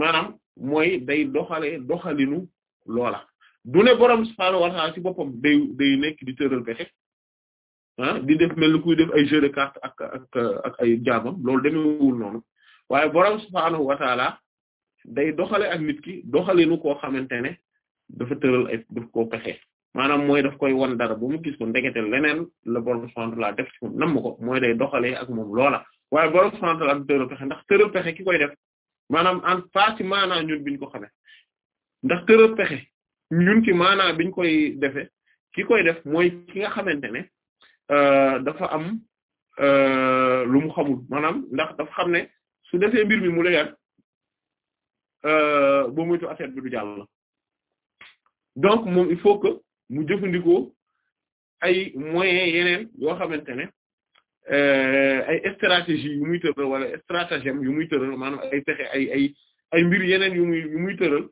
S1: maanaam mooy day doxalee doxalinu loola du ne borom subhaanahu wa ta'aala ci boppam day day nekk di tëral pexe ah di def mel def ay jeu de carte ak ak ak ay jaamam loolu demewul noonu waaye borom subhaanahu wa day doxale ak nit ki doxalinu koo xamante ne dafa tëral ay daf koo pexe maanaam mooy daf koy won dara ba mu gis ko ndekete leneen la borom subhaanahu wa taala def nam ko mooy day doxalee ak moom loola waaye borom subhaanahu wa taala du tëral pexe ndax tëral pexe ki koy def maanaam en face ñun biñ ko xame ndax tëral pexe ñun ci maanaam biñ koy defe ki koy def mooy ki nga xamante ne Euh, dafa am euh, lu mu xamul maanaam ndax dafa xam ne su defee mbir mi mu leer euh, boo moytu affaire bi du jàll donc moom il faut que mu jëfandikoo ay moyens yeneen yoo xamante ne ay stratégie yu muy tëral wala stratagème yu muy tëral maanaam ay pexe ay ay ay mbir yeneen yu muy muy tëral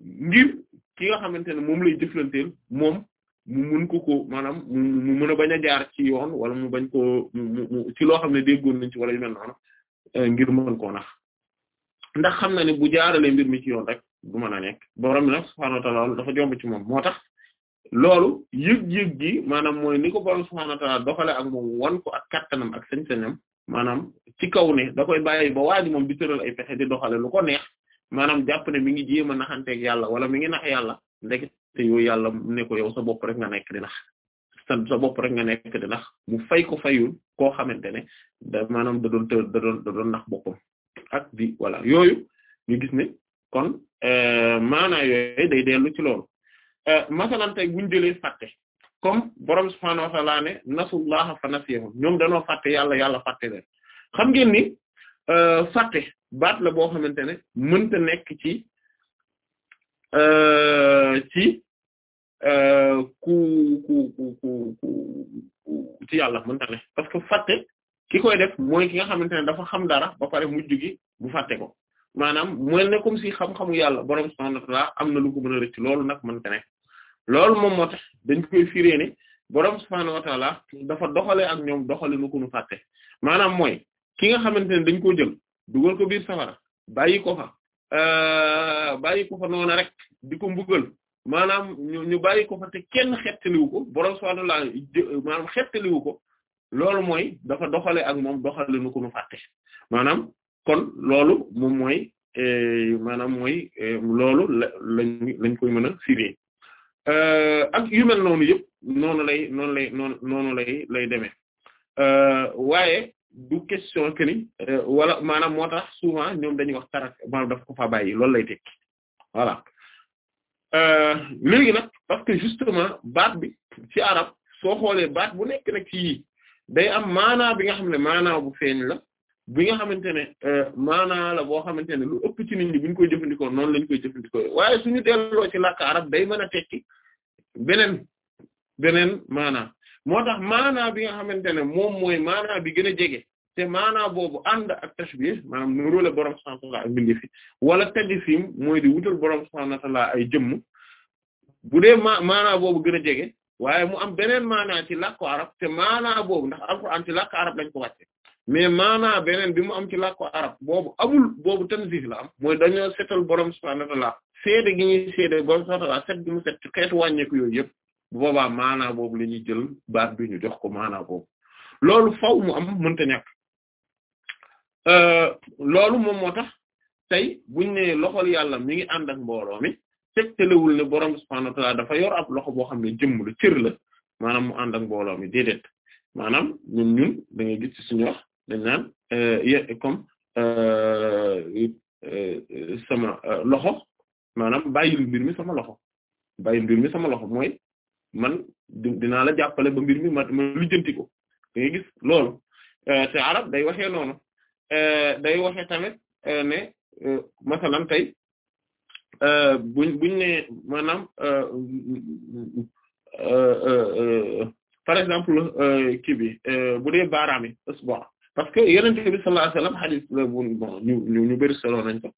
S1: ngir ki nga xamante ne moom lay jëflanteel moom mu mun ko ko maanaam mu mën a bañ a jaar ci yoon wala mu bañ koo mu ci loo xam ne déggoon nañ ci wala yu mel noonu euh, ngir mën koo nax ndax xam na ne bu jaaralee mbir mi ci yoon rek du mën a nekk borom bi nag subhaanahu wa ta'aala dafa ci moom moo tax loolu yëg-yëg gi maanaam mooy ni ko borom subhaanahu wa ta'aala doxale ak moom wan ko ak kattanam ak sañ-sañam maanaam ci kaw ne da koy bàyyi ba waa ji moom di tëral ay pexe di doxale lu ko neex maanaam jàpp ne mi ngi jéem a naxanteeg yàlla wala mi ngi nax yàlla ndek te yooyu yàlla ne ko sa bopp rek nga nekk di nax sa sa bopp rek nga nekk di mu fay ko fayul koo xamante ne da maanaam da doon da doon da doon nax boppam ak di voilà yooyu ñu gis ne kon euh, maanaa yooyu day dellu ci lool euh, masalan tey buñ jëlee fàtte comme borom subhaanahu wa ta'aala ne nasullaha fa nasiyahum ñoom danoo fàtte yàlla yàlla fàtte leen xam ngeen ni euh, fàtte baat la boo xamante ne mënta nekk ci ci ku ku ku ku ci yàlla mënta ne parce que fàtte ki koy def mooy ki nga xamante ne dafa xam dara ba pare mujj gi bu fàtte ko maanaam mooy ne comme si xam-xamu yàlla borom subhaanahu wa ta'aala am na lu ko mën a rëcc loolu nag mënta ne loolu moom moo tax dañ koy firee borom subhaanahu wa dafa doxalee ak ñoom doxale nu ko nu fàtte maanaam mooy ki nga xamante ne dañ ko jël dugal ko biir safara bàyyi ko fa euh, bàyyi ko fa noonu rek di ko mbugal maanaam ñu bàyyi ko fa te kenn xettaliwu ko borom subhaanahu wa ta'aala maanaam xettaliwu ko loolu mooy dafa doxale ak moom doxale nu ko nu fàtte maanaam kon loolu moom mooy eh, maanaam mooy eh, loolu la lañ lañ koy mën a firi euh, ak yu mel noonu noonu lay noonu lay noonu noonu lay lay demee euh, waaye du question que euh, wala maanaam moo tax souvent ñoom dañuy wax tara maanaam daf ko fa bàyyi loolu lay tekki voilà Euh, léegi nag parce que justement baat bi ci arab soo xoolee baat bu nekk nag ci yii day am maanaa bi nga xam ne maanaa bu feeñ la bi nga xamante ne euh, maanaa la boo xamante ne lu ëpp ci nit ñi bu ñu koy jëfandikoo noonu lañ koy jëfandikoo waaye suñu delloo ci làkk arab day mën a tekki beneen beneen maanaa moo tax maanaa bi nga xamante ne moom mooy maanaa bi gën a jege te maanaa boobu ànd ak tashbih maanaam nuroo la borom subhaanahu wa mooy di wutal borom subhaanahu wa ay jëmm bu dee boobu gën a jege waaye mu am beneen maanaa ci làkku arab te maanaa boobu ndax am ci làkku arab lañ ko wàcce mais maanaa beneen bi mu am ci làkku arab boobu amul boobu tanzih la am mooy dañoo setal borom subhaanahu wa seede gi ñuy seede borom subhaanahu set gi mu set ci xeetu wàññeeku yooyu yëpp bu boobaa maanaa boobu la ñuy jël baat bi ñu jox ko maanaa boobu loolu faw mu am mënta ñàkk. Euh, loolu moom moo tax tey buñ ne loxol yàlla mi ngi ànd ak mbooloo mi tegtalewul ne borom subhaanahu wa dafa yor ab loxo boo xam ne jëmm la cër la maanaam mu ànd ak mbooloo mi déedéet maanaam ñun ñun da ngay gis ci suñu wax dañ naan euh, ye comme euh, sama loxo maanaam bàyyil mbir mi sama loxo bàyyil mbir mi sama loxo mooy man dinaa la jàppale ba mbir mi ma ma ko da ngay gis loolu te arab day waxee noonu Euh, day waxe tamit euh, ne euh, masalan tey buñ buñ ne maanaam par exemple kii bi bu dee baaraam yi usbu parce que yenen bi sallallahu alayhi wasallam hadith la bu bon ñu ñu ñu bëri solo nañ ko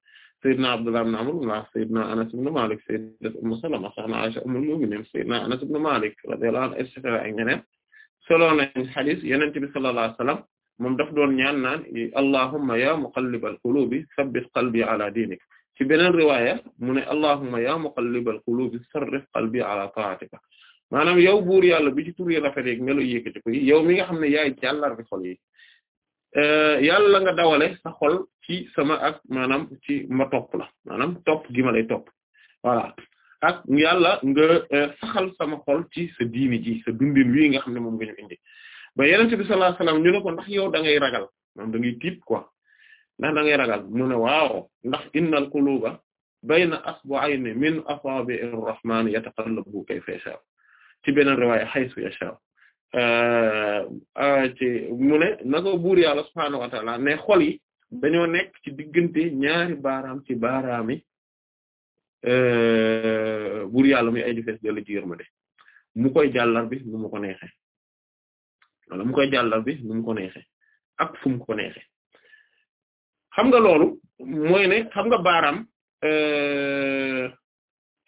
S1: Seydina Abdullah ibn Amr la Seydina Anas ibn Malik Seydina Ummu Salama Soxna Malik radiyallahu anhu et cetera ak ñeneen solo nañ hadith yonent moom daf doon ñaan naan allahumma ya muqallibal qulubi sabbit qalbi ala dinik ci beneen riwaaya mu ne allahumma ya muqallibal qulubi sarrif qalbi ala ta'atika maanaam yow buur yàlla bi ci tur yi rafet yi melo yékkati ko yow mi nga xam ne yaay jàllar bi xol yi eh, yàlla nga dawale sa xol ci sama ak maanaam ci ma topp la maanaam topp gi ma lay topp voilà ak yàlla nga eh, saxal sama xool ci sa diini ji sa dundin wi nga xam ne moom nga ñu indi ba yenente bi sallallahu ñu ne ko ndax yow da ngay ragal maanaam da ngay tiit quoi ndax da ngay ragal mu ne waaw ndax in quluba bayna asbu'ayni min asabi'ir rahman yataqallabu kayfa yasha ci beneen riwaaya haythu yasha euh, euh, ci mu ne na ko buur yàlla subhaanahu wa ta'ala ne xol yi dañoo nekk ci diggante ñaari baaraam ci baaraami euh, buur yàlla muy ay di fees mu koy jàllar bi mu ko neexee wala mu koy jàllal bi nu mu ko neexe ak fu mu ko neexe xam nga loolu mooy ne xam nga baaraam euh,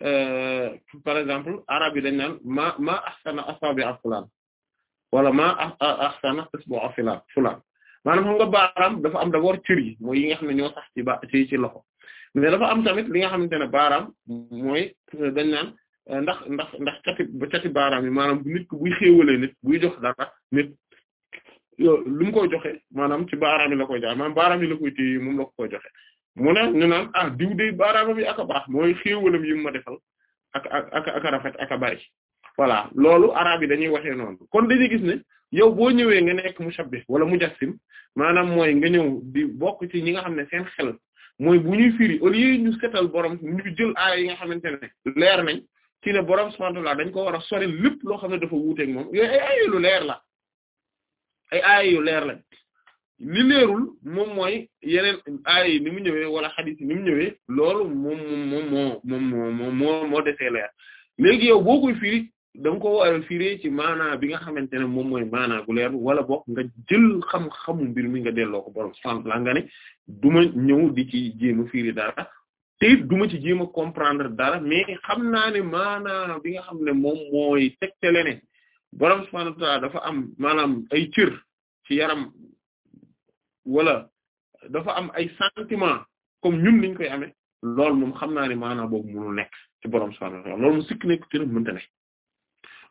S1: euh, par exemple arab yi dañ naan ma ma ahsana a fulaan wala ma ahsana isbu'a a fulaan maanaam xam nga baaraam dafa am d'abord cër yi mooy yi nga xam ne ñoo ci ci ci loxo mais dafa am tamit li nga xamante ne baaraam mooy dañ naan ndax ndax ndax cati cati baaraam yi maanaam nit ku buy xéewalee nit buy jox dara nit lu mu koy joxe maanaam ci baaraam yi la koy joxe maanaam baaraam yi la koy téye moom la ko koy joxe mu ne ñu naan ah diw de baaraamam yi ak a baax mooy yi mu ma defal ak a rafet ak a bari voilà loolu arabe yi dañuy waxee noonu kon dañuy gis ne yow boo ñëwee nga nekk mushabbih wala mu mujassim maanaam mooy nga ñëw di bokk ci ñi nga xam ne seen xel mooy bu ñuy firi au lieu ñu setal borom ñu jël aaya yi nga xamante ne leer nañ ci ne borom subhanahu wa dañ ko war a sori lépp loo xam ne dafa wuuteeg moom yooyu ay ay lu leer la ay ay leer lañ li leerul moom mooy yeneen ay yi ni mu ñëwee wala xadis yi ni mu ñëwee loolu moom moom moo moom moo moo moo desee leer léegi yow boo koy firi da nga ko war a firi ci maanaa bi nga xamante ne moom mooy maanaa bu leer wala boog nga jël xam-xamu mbir mi nga delloo ko borom subhanahu wa ta'ala nga ne du ma ñëw di ci jéem te it du ma ci jéem a comprendre dara mais xam naa ne maanaam bi nga xam ne moom mooy tegtale ne borom subhaanahu dafa am maanaam ay cër ci yaram wala dafa am ay sentiment comme ñun niñ koy ame lool moom xam naa ne maanaam boobu mënul nekk ci borom subhaanahu wa ta'aala loolu moom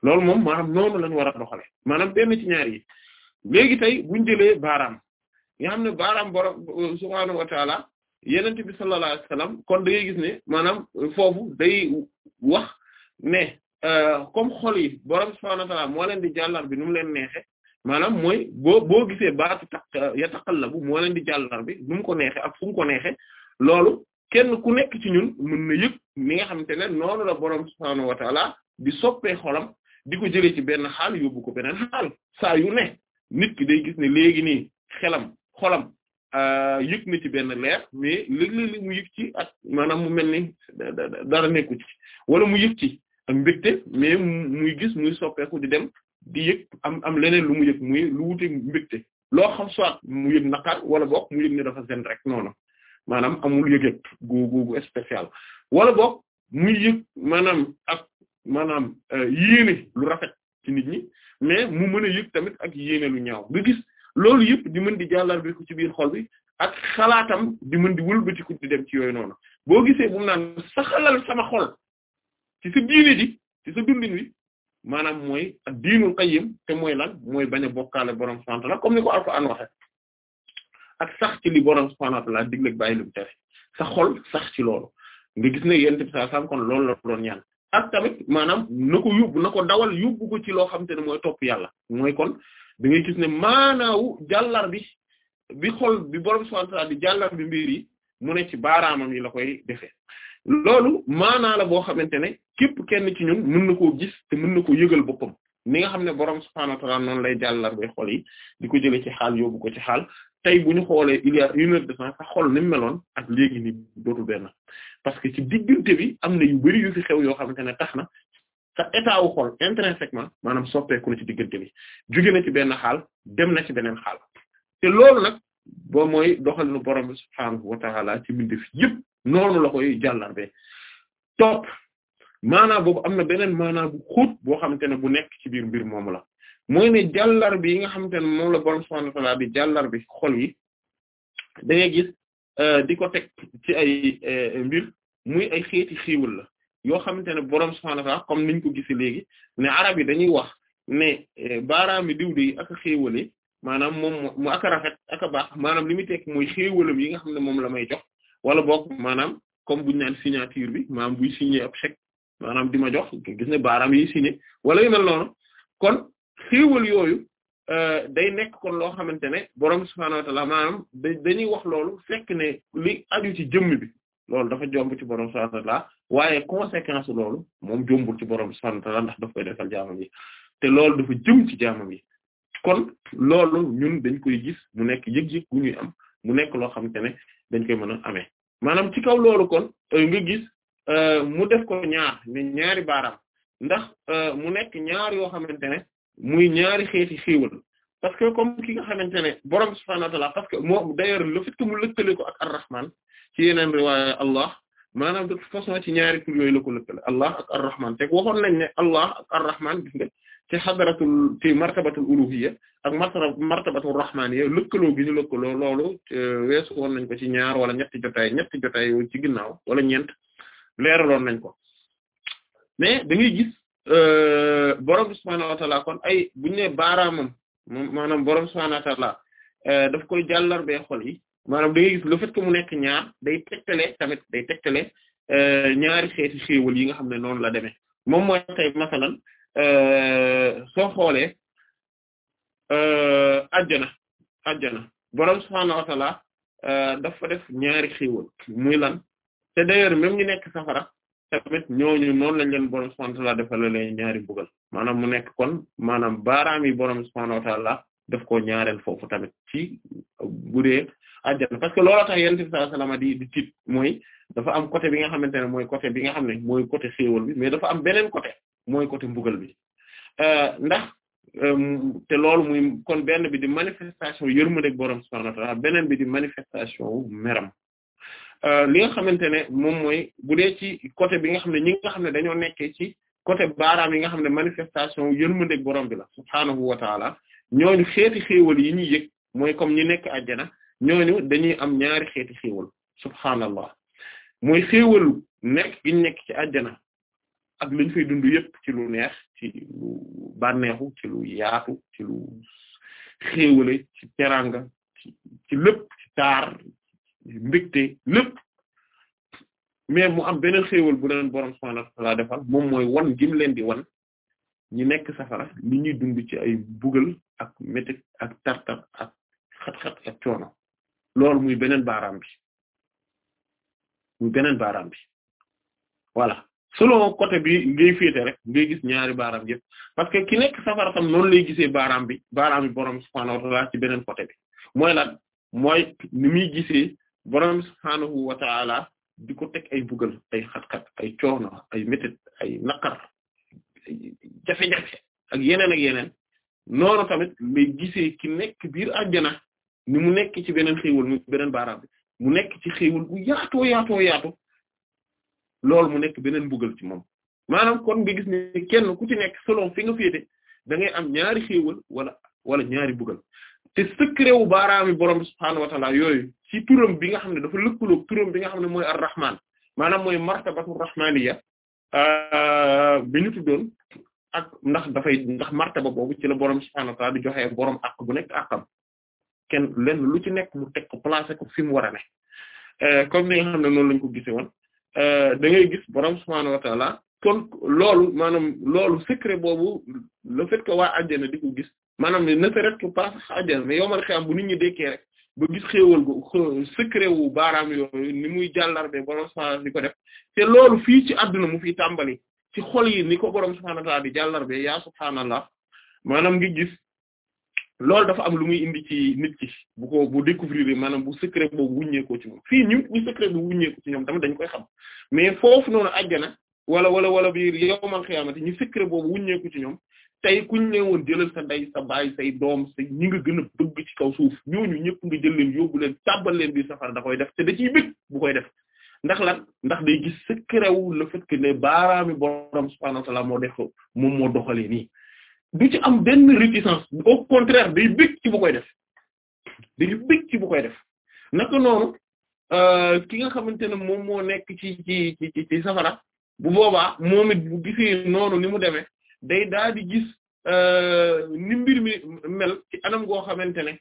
S1: loolu moom maanaam noonu lañ war a doxale maanaam benn ci ñaar yi léegi tey buñ jëlee baaraam nga xam ne baaraam borom subhaanahu yenent bi sallallahu alayhi wasallam kon da gis ne maanaam foofu day wax ne euh, comme xol yi borom subhaanahu wa moo leen di jàllar bi nu mu leen neexe maanaam mooy boo boo gisee baatu taq euh, ya taqallabu moo leen di jàllar bi nu ko neexe ak fu ko neexe loolu kenn ku nekk ci ñun mun na yëg mi nga xamante ne noonu la borom subhaanahu wa di soppee xolam di ko jëlee ci benn xaal yóbbu ko beneen xaal saa yu ne nit ki day gis ne léegi nii xelam xolam Euh, yëg na ci benn leer mais léeg-léeg li mu yëg ci ak maanaam mu mel ni dara nekku ci wala mu yëg ci ak mbégte mais muy gis muy soppeeku di dem di yëg am am leneen lu mu yëg muy lu wute mbégte loo xam soit mu yëg naqar wala boog mu yëg ne dafa zen rek noonu maanaam amul yëgeeg gu gu gu spécial wala boog mu yëg maanaam ak maanaam euh, yéene lu rafet ci nit ñi mais mu mën a yëg tamit ak yéene lu ñaaw nga gis. loolu yëpp di mën di jàllarbe ko ci biir xol bi ak xalaatam di mën di wëlbatiku di dem ci yooyu noonu boo gisee bu mu naan saxalal sama xol ci sa diine ji ci sa dundin wi maanaam mooy ak diinul qayyim te mooy lan mooy bañ a bokkaale borom subhanahu wa ta'ala comme ni ko Alxuraan waxe ak sax ci bàyyi lu mu tere sa sax ci loolu nga gis ne yent bi saa kon loolu la doon ñaan ak tamit maanaam na ko yóbbu na ko dawal yóbbu ko ci loo xam te ne mooy topp yàlla mooy kon da ngay gis ne maanaawu jàllar bi bi xol bi borom subhaanahu di jàllar bi mbir yi mu ne ci baaraamam yi la koy defee loolu maanaa la boo xamante ne képp kenn ci ñun mën na koo gis te mën na koo yëgal boppam ni nga xam ne borom subhaanahu wa ta'aala noonu lay jàllar bi xol yi di ko jëlee ci xaal yóbbu ko ci xaal tey bu ñu xoolee il y a une heure xol ni meloon ak léegi ni dootul benn parce que ci diggante bi am na yu bari yu fi xew yoo xamante ne tax na sa état wu xol intrinsèquement maanaam soppeeku na ci diggante bi jóge na ci benn xaal dem na ci beneen xaal te loolu nag boo mooy doxalinu borom bi subhaanahu ci mbindeef yëpp la koy jàllarbe topp am na beneen maanaam boo xamante ne bu nekk ci biir mbir moom la mooy ne jàllar bi yi nga xam ne moom la borom subhaanahu wa ta'ala bi jàllar bi xol yi da gis euh, di ko teg ci ay euh, mbir muy ay xeeti xiiwul la yoo xamante ne boroom subhaanahu wa ta'aala comme niñ ko gisee léegi ne arab yi dañuy wax ne eh, baaraami diw de yi ak a xéewale maanaam moom mu ak rafet ak baax maanaam li muy tekk mooy xéewalam yi nga xam ne moom la may jox wala boog maanaam comme buñu naan signature bi maanaam buy signé ab chèque maanaam di ma jox gis ne baaraam yi signé wala yu mel kon xéewal yooyu euh, day nekk kon loo xamante ne boroom subhaanahu wa ta'aala maanaam dañuy wax loolu fekk ne li aju ci jëmm bi loolu dafa jomb ci borom subhanahu wa ta'ala waaye conséquence loolu moom ci borom subhanahu wa ndax daf koy defal jaamam te loolu dafa jëm ci jaamam yi kon loolu ñun dañ koy gis mu nekk yëg-yëg gu mu nekk loo xamante ne dañ koy mën a amee maanaam ci kaw loolu kon euh, nga gis euh, mu def ko ñaar ne ñaari baaraam ndax euh, mu nekk ñaar yoo xamante ne muy ñaari xeeti xéewal parce que comme ki nga xamante ne borom subhanahu wa ta'ala parce que moo mu lëkkale ko ak ar ci yeneen riwaaya allah maanaam de toute façon ci ñaari tur yooyu la ko lëkkale allah ak arrahman te waxoon nañ ne allah ak arrahman gis nga ci xadaratul ci martabatul uluhiyya ak martabatul lëkkaloo gi ñu lëkkaloo loolu weesu woon nañ ko ci ñaar wala ñetti jotaay ñetti jotaay yooyu ci ginnaaw wala ñeent leeraloon nañ ko mais da ngay gis euh, borom kon ay buñu ne baaraamam maanaam borom subhaanahu wa ta'aala euh, koy jàllar bee xol yi maanaam da ngay gis le ñaar day tegtale tamit day tegtale euh, ñaari xeeti xéewal yi nga xam ne noonu la demee moom mooy tey masalan euh, soo xoolee ajjana euh, ajjana boroom subhaanahu wa ta'aala dafa def ñaari xéewal muy lan te d'ailleurs même ñu nekk safara ñooñu noonu lañ leen boroom subhaanahu wa ta'aala la leen ñaari mbugal maanaam mu nekk kon maanaam baaraam yi boroom subhaanahu wa daf ko ñaareel foofu tamit ci bu àjjana parce que looloo tax yonent bi sallallahu di di tiit mooy dafa am côté bi nga xamante ne mooy côté bi nga xam ne mooy côté xéewal bi mais dafa am beneen côté mooy côté mbugal bi euh, ndax euh, te loolu muy kon benn bi di manifestation yërmandeeg borom subhaanahu wa beneen bi di manifestation wu meram euh, li nga xamante ne moom mooy bu dee ci côté bi nga xam ne ñi nga xam ne dañoo nekkee ci côté baaraam yi nga xam ne manifestation yërmandeeg borom bi la subhaanahu wa ta'aala ñooñu xeeti xéewal yi ñuy yëg mooy comme ñi nekk àjjana ñooñu dañuy am ñaari xeeti xéewal subhaanallah mooy xéewal nekk giñ nekk ci àjjana ak lañ fay dund yépp ci lu neex ci lu bànneexu ci lu yaatu ci lu xéewale ci teranga ci ci ci taar mbégte lépp mais mu am beneen xéewal bu leen borom subhaanahu wa defal moom mooy wan gim leen di wan ñi nekk safara li ñuy dund ci ay bugal ak métit ak tartar ak xat-xat ak coono loolu muy beneen baaraam bi muy beneen baaraam bi voilà selon côté bi ngay féete rek ngay gis ñaari baaraam yëpp parce que ki nekk safara tam noonu lay gisee baaraam bi baaraam bi borom subhaanahu wa ta'ala ci beneen ni muy gisee borom subhaanahu wa ta'ala di ay bugal ay xat-xat ay coono ay metit ay naqar jafe-jafe ak yeneen ak yeneen noonu tamit lay gisee ki nekk biir àjjana ni mu nekk ci beneen xéewal beneen baaraam mu nekk ci xéewal bu yaatoo yaatoo yaatu loolu mu nekk beneen mbugal moom maanaam kon nga gis ne kenn ku ci nekk selon fi nga féete da ngay am ñaari xéewal wala wala ñaari mbugal te secret wu baaraami borom subhaanahu wa ta'ala yooyu ci turam bi nga xam ne dafa lëkkaloo turam bi nga xam ne mooy ar-rahman maanaam mooy martabatu rahmaniya euh, bi ñu tuddoon ak ndax dafay ndax martaba boobu ci la borom subhaanahu wa ta'ala di joxe borom ak bu nekk akam kenn lenn lu ci nekk mu teg ko placé ko fi mu war a ne euh, comme ni nga xam ne noonu lañ ko gisee woon euh, da ngay gis borom subhaanahu wa taala kon loolu maanaam loolu secret boobu le fait que waa àjjana di ko gis maanaam ne serait que pas àjjana mais yow man xëy bu nit ñi dékkee rek ba gis xéewal gu secret wu baaraam yo ni muy jàllarbe borom subhaanahu ko def te loolu fii ci àdduna mu fi tàmbali ci xool yi ni ko borom subhaanahu wa taala di jàllarbe yaa subhaanallah maanaam ngi gis. loolu dafa am lu muy indi ci nit ki bu ko bu découvrir maanaam bu secret boobu wuññeekoo ci moom fii ñu bu secret bu wuññeekoo ci ñoom tamit dañ koy xam mais foofu noonu àjjana wala wala wala bi yawmal xiyaamati ñu secret boobu wuññeeku ci ñoom tey kuñ ne woon jëlal sa ndey sa baay say doom sa ñi nga gën a bëgg ci kaw suuf ñooñu ñëpp nga jël leen yóbbu leen tàbbal leen biir safara da koy def te da ciy bëgg bu koy def ndax lan ndax day gis secret wu le fait que ne baaraami borom subhaanahu wa ta'aala moo def moom moo doxalee nii du ci am benn réticence au contraire day bëgg ci bu koy def day bëgg ci bu koy def naka noonu euh, ki nga xamante ne moom moo nekk ci ci ci safara bu boobaa moom it bu gisee noonu ni mu demee day daal di gis euh, ni mbir mi mel ci anam goo xamante ne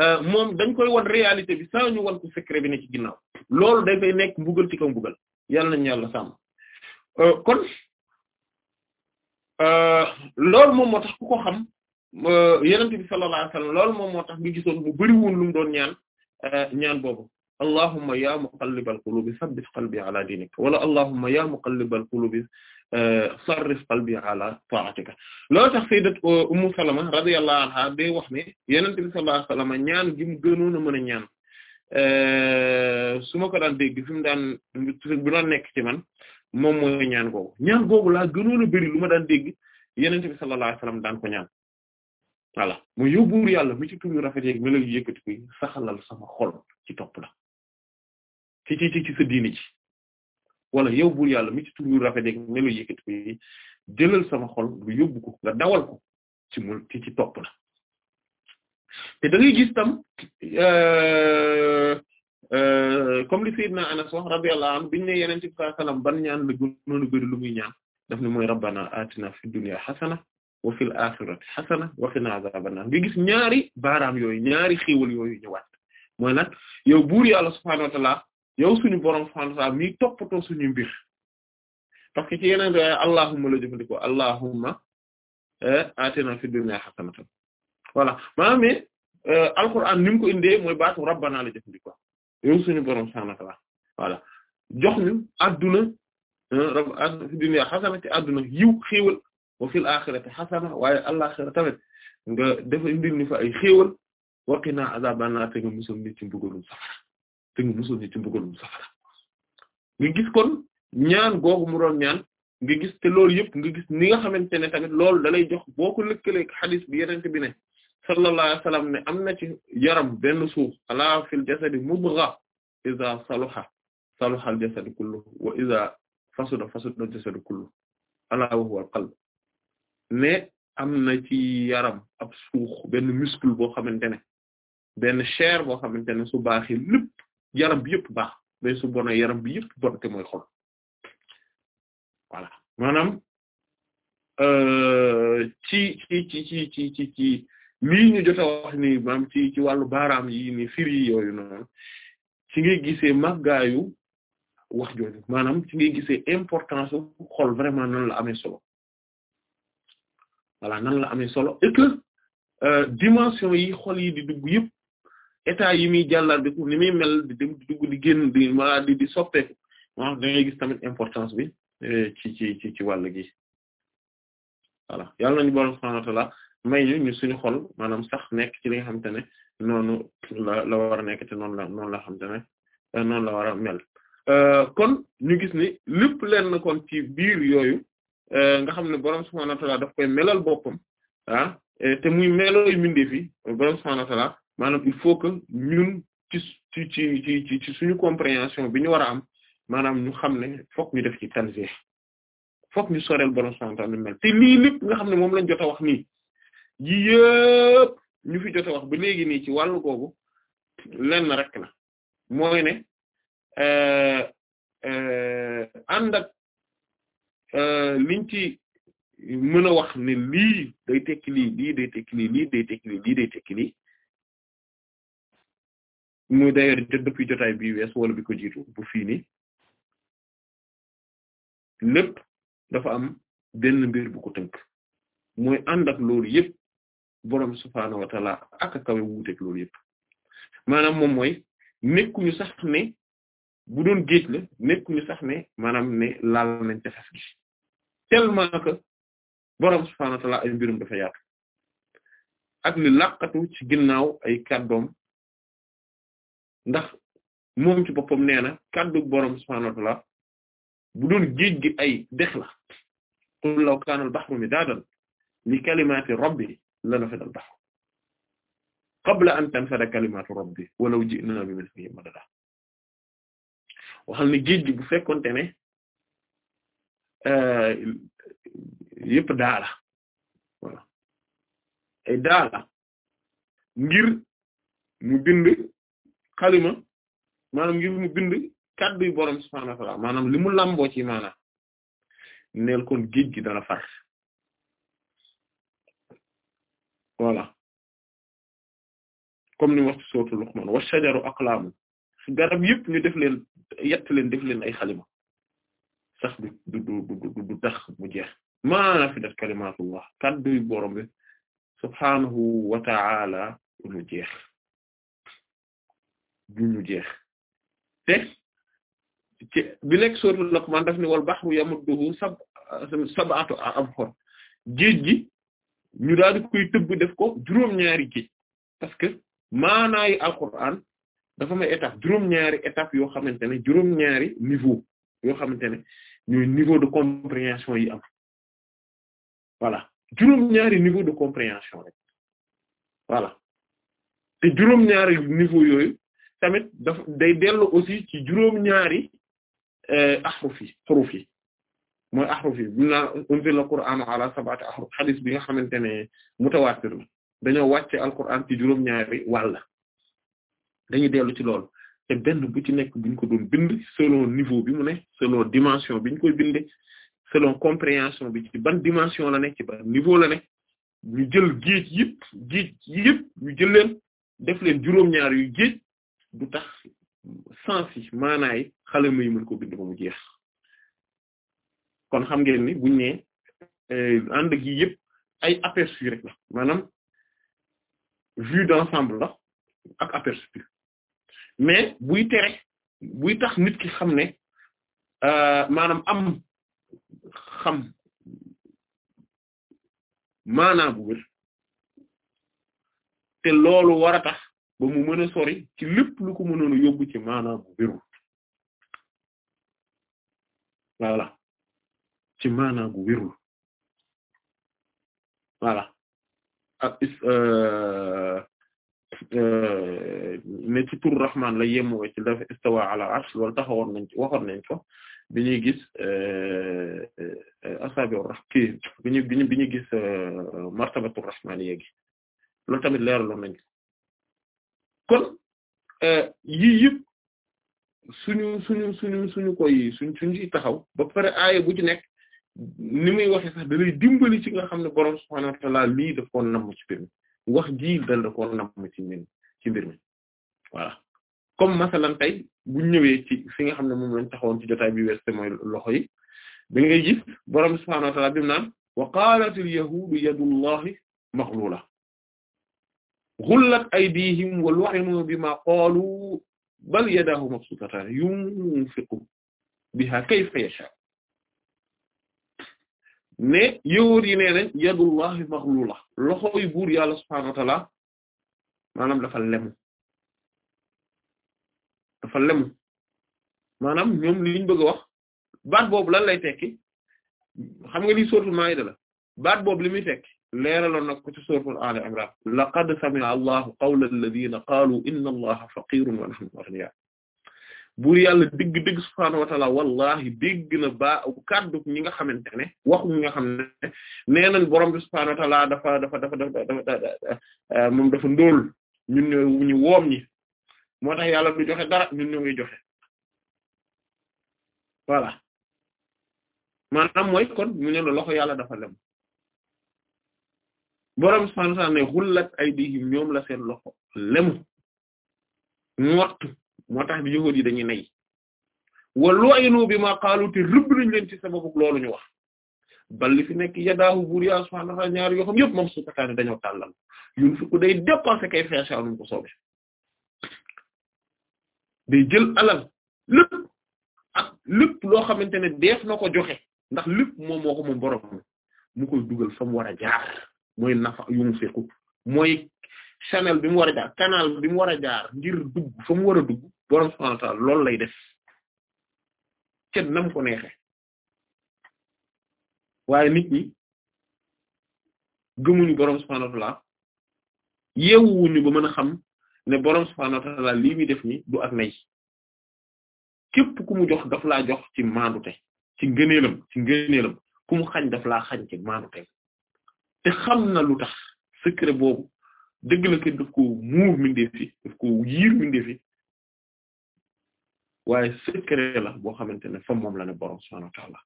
S1: euh, moom dañ koy wan réalité bi saa ñu wan ko secret bi ne ci ginnaaw loolu day fay nekk mbugal ci kaw mbugal yàlla nañu yàlla sàmm kon. Euh, loolu moom moo tax ku ko xam euh, yenent bi sallallahu alayhi lool moom moo tax nga gisoon mu bëri woon lu mu doon ñaan euh, ñaan boobu allahumma ya muqallibal qulubi sabbit qalbi ala dinik wala allahumma ya muqallibal qulubi sarrif qalbi ala ta'atika loolu tax sayyidat ummu salama radiyallahu anha day wax ne yenent bi sallallahu alayhi ñaan gi mu gënoon a mën a ñaan su ko daan dégg fi mu daan bu doon nekk ci man moom mooy ñaan googu ñaan googu laa gënoon a bëri lu ma daan dégg yeneen bi sallallahu alayhi wasallam daan ko ñaan mu yàlla mi ci tuñu rafet yeeg melo yu yëkkati saxalal sama xol ci topp la ci ci sa diini wala yow buur yàlla mi ci tuñu rafet yeeg melo yu yëkkati ko sama xol nga yóbbu nga dawal ci mu ci ci topp te da ngay gis euh, Euh, comme li Seydina Anas wax radiyallahu anhu biñu ne yeneen ci saa ban ñaan la a bëri lu ne mooy rabbana atina fid dunya xasana wa fil axirati xasana wa qina azaban naar nga gis ñaari baaraam yooyu ñaari xéewal yooyu ñëwaat mooy nag yow buur yàlla subhaanahu wa ta'ala yow suñu borom subhaanahu wa ta'ala mi toppatoo suñu mbir parce que ci yeneen doy allahumma la jëfandikoo allahumma eh, atina fid dunya xasanatan voilà maanaam mais euh, alquran ni mu ko indee mooy baatu rabbana la jëfandikoo yow suñu borom subhaanahu wa voilà jox ñu adduna ah, rabb fi ci adduna yiw xéewal wa fil axirati xasana waaye al-axira tamit nga dafa indil ñu fa ay xiiwal waqinaa azaaban naar te nga musal ñu ci mbugalum safara te nga musal ñu ci mbugalum gis kon ñaan googu mu doon ñaan nga gis te loolu yëpp nga gis ni nga xamante ne tamit loolu dalay jox boo ko lëkkalee xadis bi yeneen bi ne sallallahu alayhi wa ne am na ci yaram benn suuf ala fil jasadi mubgha iza saluha saluha al jasadu kulluhu wa iza fasuda fasuda al jasadu kulluhu ala wa huwa al qalb ne am na ci yaram ab suux benn muscle boo xamante ne benn cher boo xamante ne su baaxee lépp yaram bi yëpp baax mais su bona yaram bi yëpp bon te mooy xol voilà maanaam euh, ci ci ci ci ci ci ci lii ñu jot a wax ni maam ci ci wàllu baaraam yi ni firi yooyu noonu ci ngay gisee màggaayu wax jooju maanaam ci ngay gisee importance xol vraiment nan la amee solo voilà nan la amee solo et que euh, dimension yi xol yi di dugg yëpp état yi muy jàllar di ni muy mel di dem di dugg di génn di wala di di soppeeku da ngay gis tamit importance bi euh, ci ci ci wàll gi voilà yàlla nañu borom subhaanahu wa may ñu ñu suñu xol maanaam sax nekk ci li nga xamante ne noonu la la war a nekk te noonu la noonu la xamante ne euh, noonu la war a mel euh, kon ñu gis ni lépp lenn kon ci biir yooyu euh, nga xam ne borom suma wa ta'aala daf koy melal boppam ah te muy melooy mbindeef yi borom subhaanahu wa ta'aala maanaam il faut que ci ci ci ci suñu compréhension bi ñu war a am maanaam ñu xam ne fokk ñu def ci tanzih fokk ñu soreel borom subhaanahu wa ta'aala mel te lii lépp nga xam ne moom lañ jot a wax nii. yi yëpp ñu fi jot wax ba léegi nii ci wàllu googu lenn rek la mooy ne eh, eh, ànd ak eh, liñ ci mën a wax ne lii day tekki lii lii day tekki lii day tekki lii lii day tekki jotaay bii wees wala bi ko jiitu bu fii nii lépp dafa am benn mbir bu ko tënk mooy ànd loolu yëpp borom subhaanahu wa taala kawe wuuteeg loolu yëpp maanaam moom mooy nekkuñu sax ne bu doon géej la nekkuñu sax ne maanaam ne laal nañ tefes gi tellement que borom subhaanahu wa ay mbirum dafa yaatu ak li laqatu ci ginnaaw ay kàddoom ndax moom ci boppam nee na kàddu borom subhaanahu wa taala bu doon géej gi ay dex la qul law kaana al-bahru midaadan li kalimaati rabbi na rafetal tax qabla an tanfada kalimatu rabbi walaw ji'na bi mislihi madada waxal ne géej gi bu fekkonte ne yëpp daala voilà daala ngir mu bind kalima maanaam ngir mu bind kaddu yu boroom subhaanahu wa ta'aala maanaam li mu neel kon géej gi dana far voilà comme ni wax ci sourate wa shajaru aqlaam garab yëpp ñu def leen yett leen def leen ay xalima sax du du du du tax mu jeex maa nafidat kalimatullah kadduy borom bi subhaanahu wa ta'ala du ñu jeex du ñu jeex te ci bi nekk sourate Luqman daf ni wal bahru yamudduhu sab sab'atu abhur géej gi ñu daal di koy tëbb def ko juróom-ñaari géej parce que maanaayu alquran dafa ma étape juróom-ñaari étape yoo xamante ne juróom-ñaari niveau yoo xamante ne ñooy niveau de compréhension yi am voilà juróom-ñaari niveau de compréhension rek voilà te juróom-ñaari niveau yooyu tamit daf day dellu aussi ci juróom-ñaari euh, ahruf yi mooy ahruf yi buñ naa unzila al-qur'anu ala sab'ati ahruf bi nga xamante ne mutawaatir la dañoo wàcce alquran ci juróom-ñaari wàll dañuy dellu ci loolu te benn bu ci nekk buñ ko doon bind selon niveau bi mu ne selon dimension biñ koy binde selon compréhension bi ci ban dimension la ne ci ban niveau la ne ñu jël géej yëpp géej yëpp ñu jël leen def leen juróom-ñaar yu géej du tax sens yi maanaay xale muy mën ko bind ba mu kon xam ngeen ni buñ ne euh, ànd gi yëpp ay aperçu rek la maanaam vue d'ensemble la ak aperçu mais buy tere buy tax nit ki xam ne euh, maanaam am xam maanaa bu te loolu war a tax ba mu mën a sori ci lépp lu ko mënoon a yóbbu ci maanaa bu wérul Ah, euh, euh, ci maanaa gu wérul voilà ak is rahman la yemoo ci dafa istawa ala arsh loolu taxawoon nañ ci waxoon nañ ko bi ñuy gis euh, asabi rax kii bi ñu bi gis martabatu rahman yéegi loolu tamit leeraloon nañ ko kon yii yëpp suñu suñu suñu suñu koy suñ taxaw ba pare aaye bu ci ni muy waxee sax da lay dimbali ci nga xam ne borom subhaanahu wa ta'aala lii daf koo namm ci mi wax gi dal da koo namm ci mbir ci mi voilà comme masalan tey bu ñëwee ci fi nga xam ne moom lañ taxawoon ci jotaay bi wees te mooy loxo yi da ngay gis borom subhaanahu wa ta'aala bi mu naan wa qaalatil yahuudu yadullahi maxluula ghullat aydihim wa lu'inu bimaa qaalu bal yadaahu mabsuutataan yunfiqu bihaa kayfa yashaa ne yëwóor yi nee nañ yadullahi maxlula loxo yu buur yàlla subhaanahu wa ta'ala maanaam dafa lemu dafa lemu maanaam ñoom liñ bëgg a wax baat boobu lan lay tekki xam nga li sóoratul maa'ida la baat boobu li muy tekki leeraloon nag ko ci sóoratul aali imraan laqad sami'a allahu qawla alladhina qaalu inna allaha faqirun wa nahnu aghniyaa buur yàlla dégg-dégg subhaanahu wa taala wallahi dégg na baa kaddu ñi nga xamante ne waxu ñi nga xam ne nee nañ borom bi subhaanahu wa taala dafa dafa dafa dafa moom dafa ndóol ñun ñoo ñi moo tax yàlla du joxe dara ñun ñoo ngi joxe voilà maanaam mooy kon mu ne la loxo yàlla dafa lem borom subhaanahu wa taala ne xullat aydihim ñoom la seen loxo lemu ngott moo tax yahuud yi dañuy nay ay lu'inu bima qaalu te rëbb nañ leen ci sababu loolu ñu wax bal fi nekk yadaahu buur yaa subhaanahu wa ñaar yoo xam yëpp moom su fekkee ne dañoo tàllal yun fi ko day dépenser kay feesal ñu ko soobee day jël alal lépp ak lépp loo xamante ne deef na ko joxe ndax lépp moom moo ko mu koy dugal fa mu war a jaar mooy nafa yunfiqu mooy channel bi mu war a jaar canal bi mu war a jaar ngir dugg fa mu war a dugg borom subhaanahu wa ta'aala loolu lay def ca nam ko neexe waaye nit ñi gëmuñu borom subhaanahu wa ta'aala yeewuwuñu ba mën a xam ne borom subhaanahu wa ta'aala lii muy def ni du ak nay képp ku mu jox daf laa jox ci maandute ci ngëneelam ci ngëneelam ku xañ daf laa xañ ci maandute te xam na lu tax secret boobu. dëgg la kenn ko muur mindeef yi ko yiir mindeef yi waaye secret la boo xamante ne fa moom la ne borom subhaanahu wa ta'aala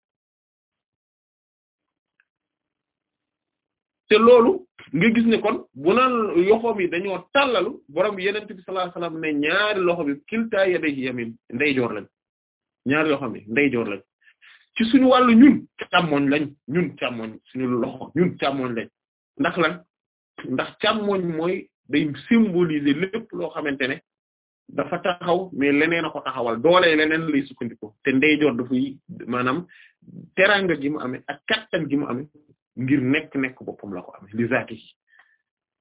S1: loolu gis ne kon bu naan yi dañoo tàllalu borom bi yeneen bi sallallahu alayhi ne ñaari loxo bi kilta yadayhi yamin ndeyjoor lañ ñaari loxoom yi ndeyjoor lañ ci suñu wàllu ñun càmmoñ lañ ñun càmmoñ suñu loxo ñun càmmoñ lañ ndax lan ndax càmmoñ mooy day symboliser lépp loo xamante ne dafa taxaw mais leneen a ko taxawal doole leneen lay sukkandiku te ndeyjoor dafay maanaam teranga gi mu amee ak gi mu amee ngir nekk nekk boppam la ko amee li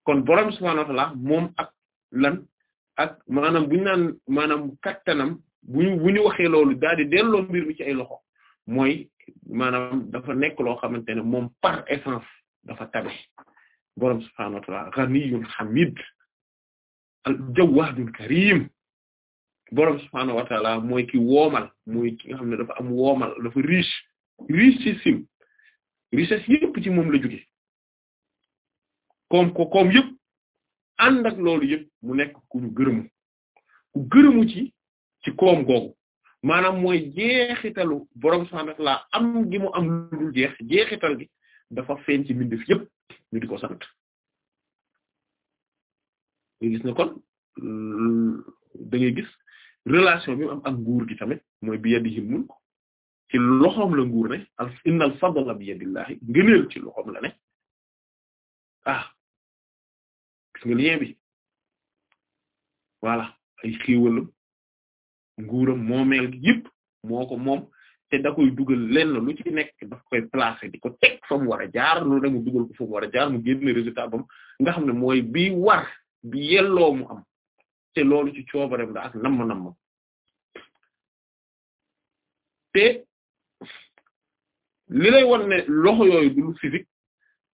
S1: kon borom subhaanahu wa ta'aala moom ak lan ak maanaam bu ñu naan maanaam kattanam bu ñu bu ñu waxee loolu daal di delloo mbir mi ci ay loxo mooy maanaam dafa nekk loo xamante ne moom par essence dafa tabe boroom subhaanahu wa ta'aala ghaniyyun hamiid al jawwaadul kariim boroom mooy ki woomal mooy ki nga xam ne dafa am woomal dafa riche richissime richesse yëpp ci moom la jóge koom ko koom yëpp ànd ak loolu mu nekk ku ñu gërëmu ku gërëmu ci ci koom googu maanaam mooy jeexitalu borom subhaanahu wa ta'aala am gi am lu dul jeex jeexital gi dafa feeñ ci mbindeef yëpp ñu di ko sant ñu gis ne kon mm, da gis relation bi am ak nguur gi tamit mooy bi yadihi ci loxoom la nguur ne al innal fadla bi yadillahi ci loxoom la ne ah gis nga ay xéewalam nguuram moomeel gi yëpp moo te da koy dugal lenn lu ci nekk daf koy placer di ko teg fa mu a jaar lu ne dugal ko fa jaar mu génne résultat bam nga xam ne mooy bi war bi mu am te loolu ci coobarem la ak namm namm te li lay won ne loxo yooyu du lu physique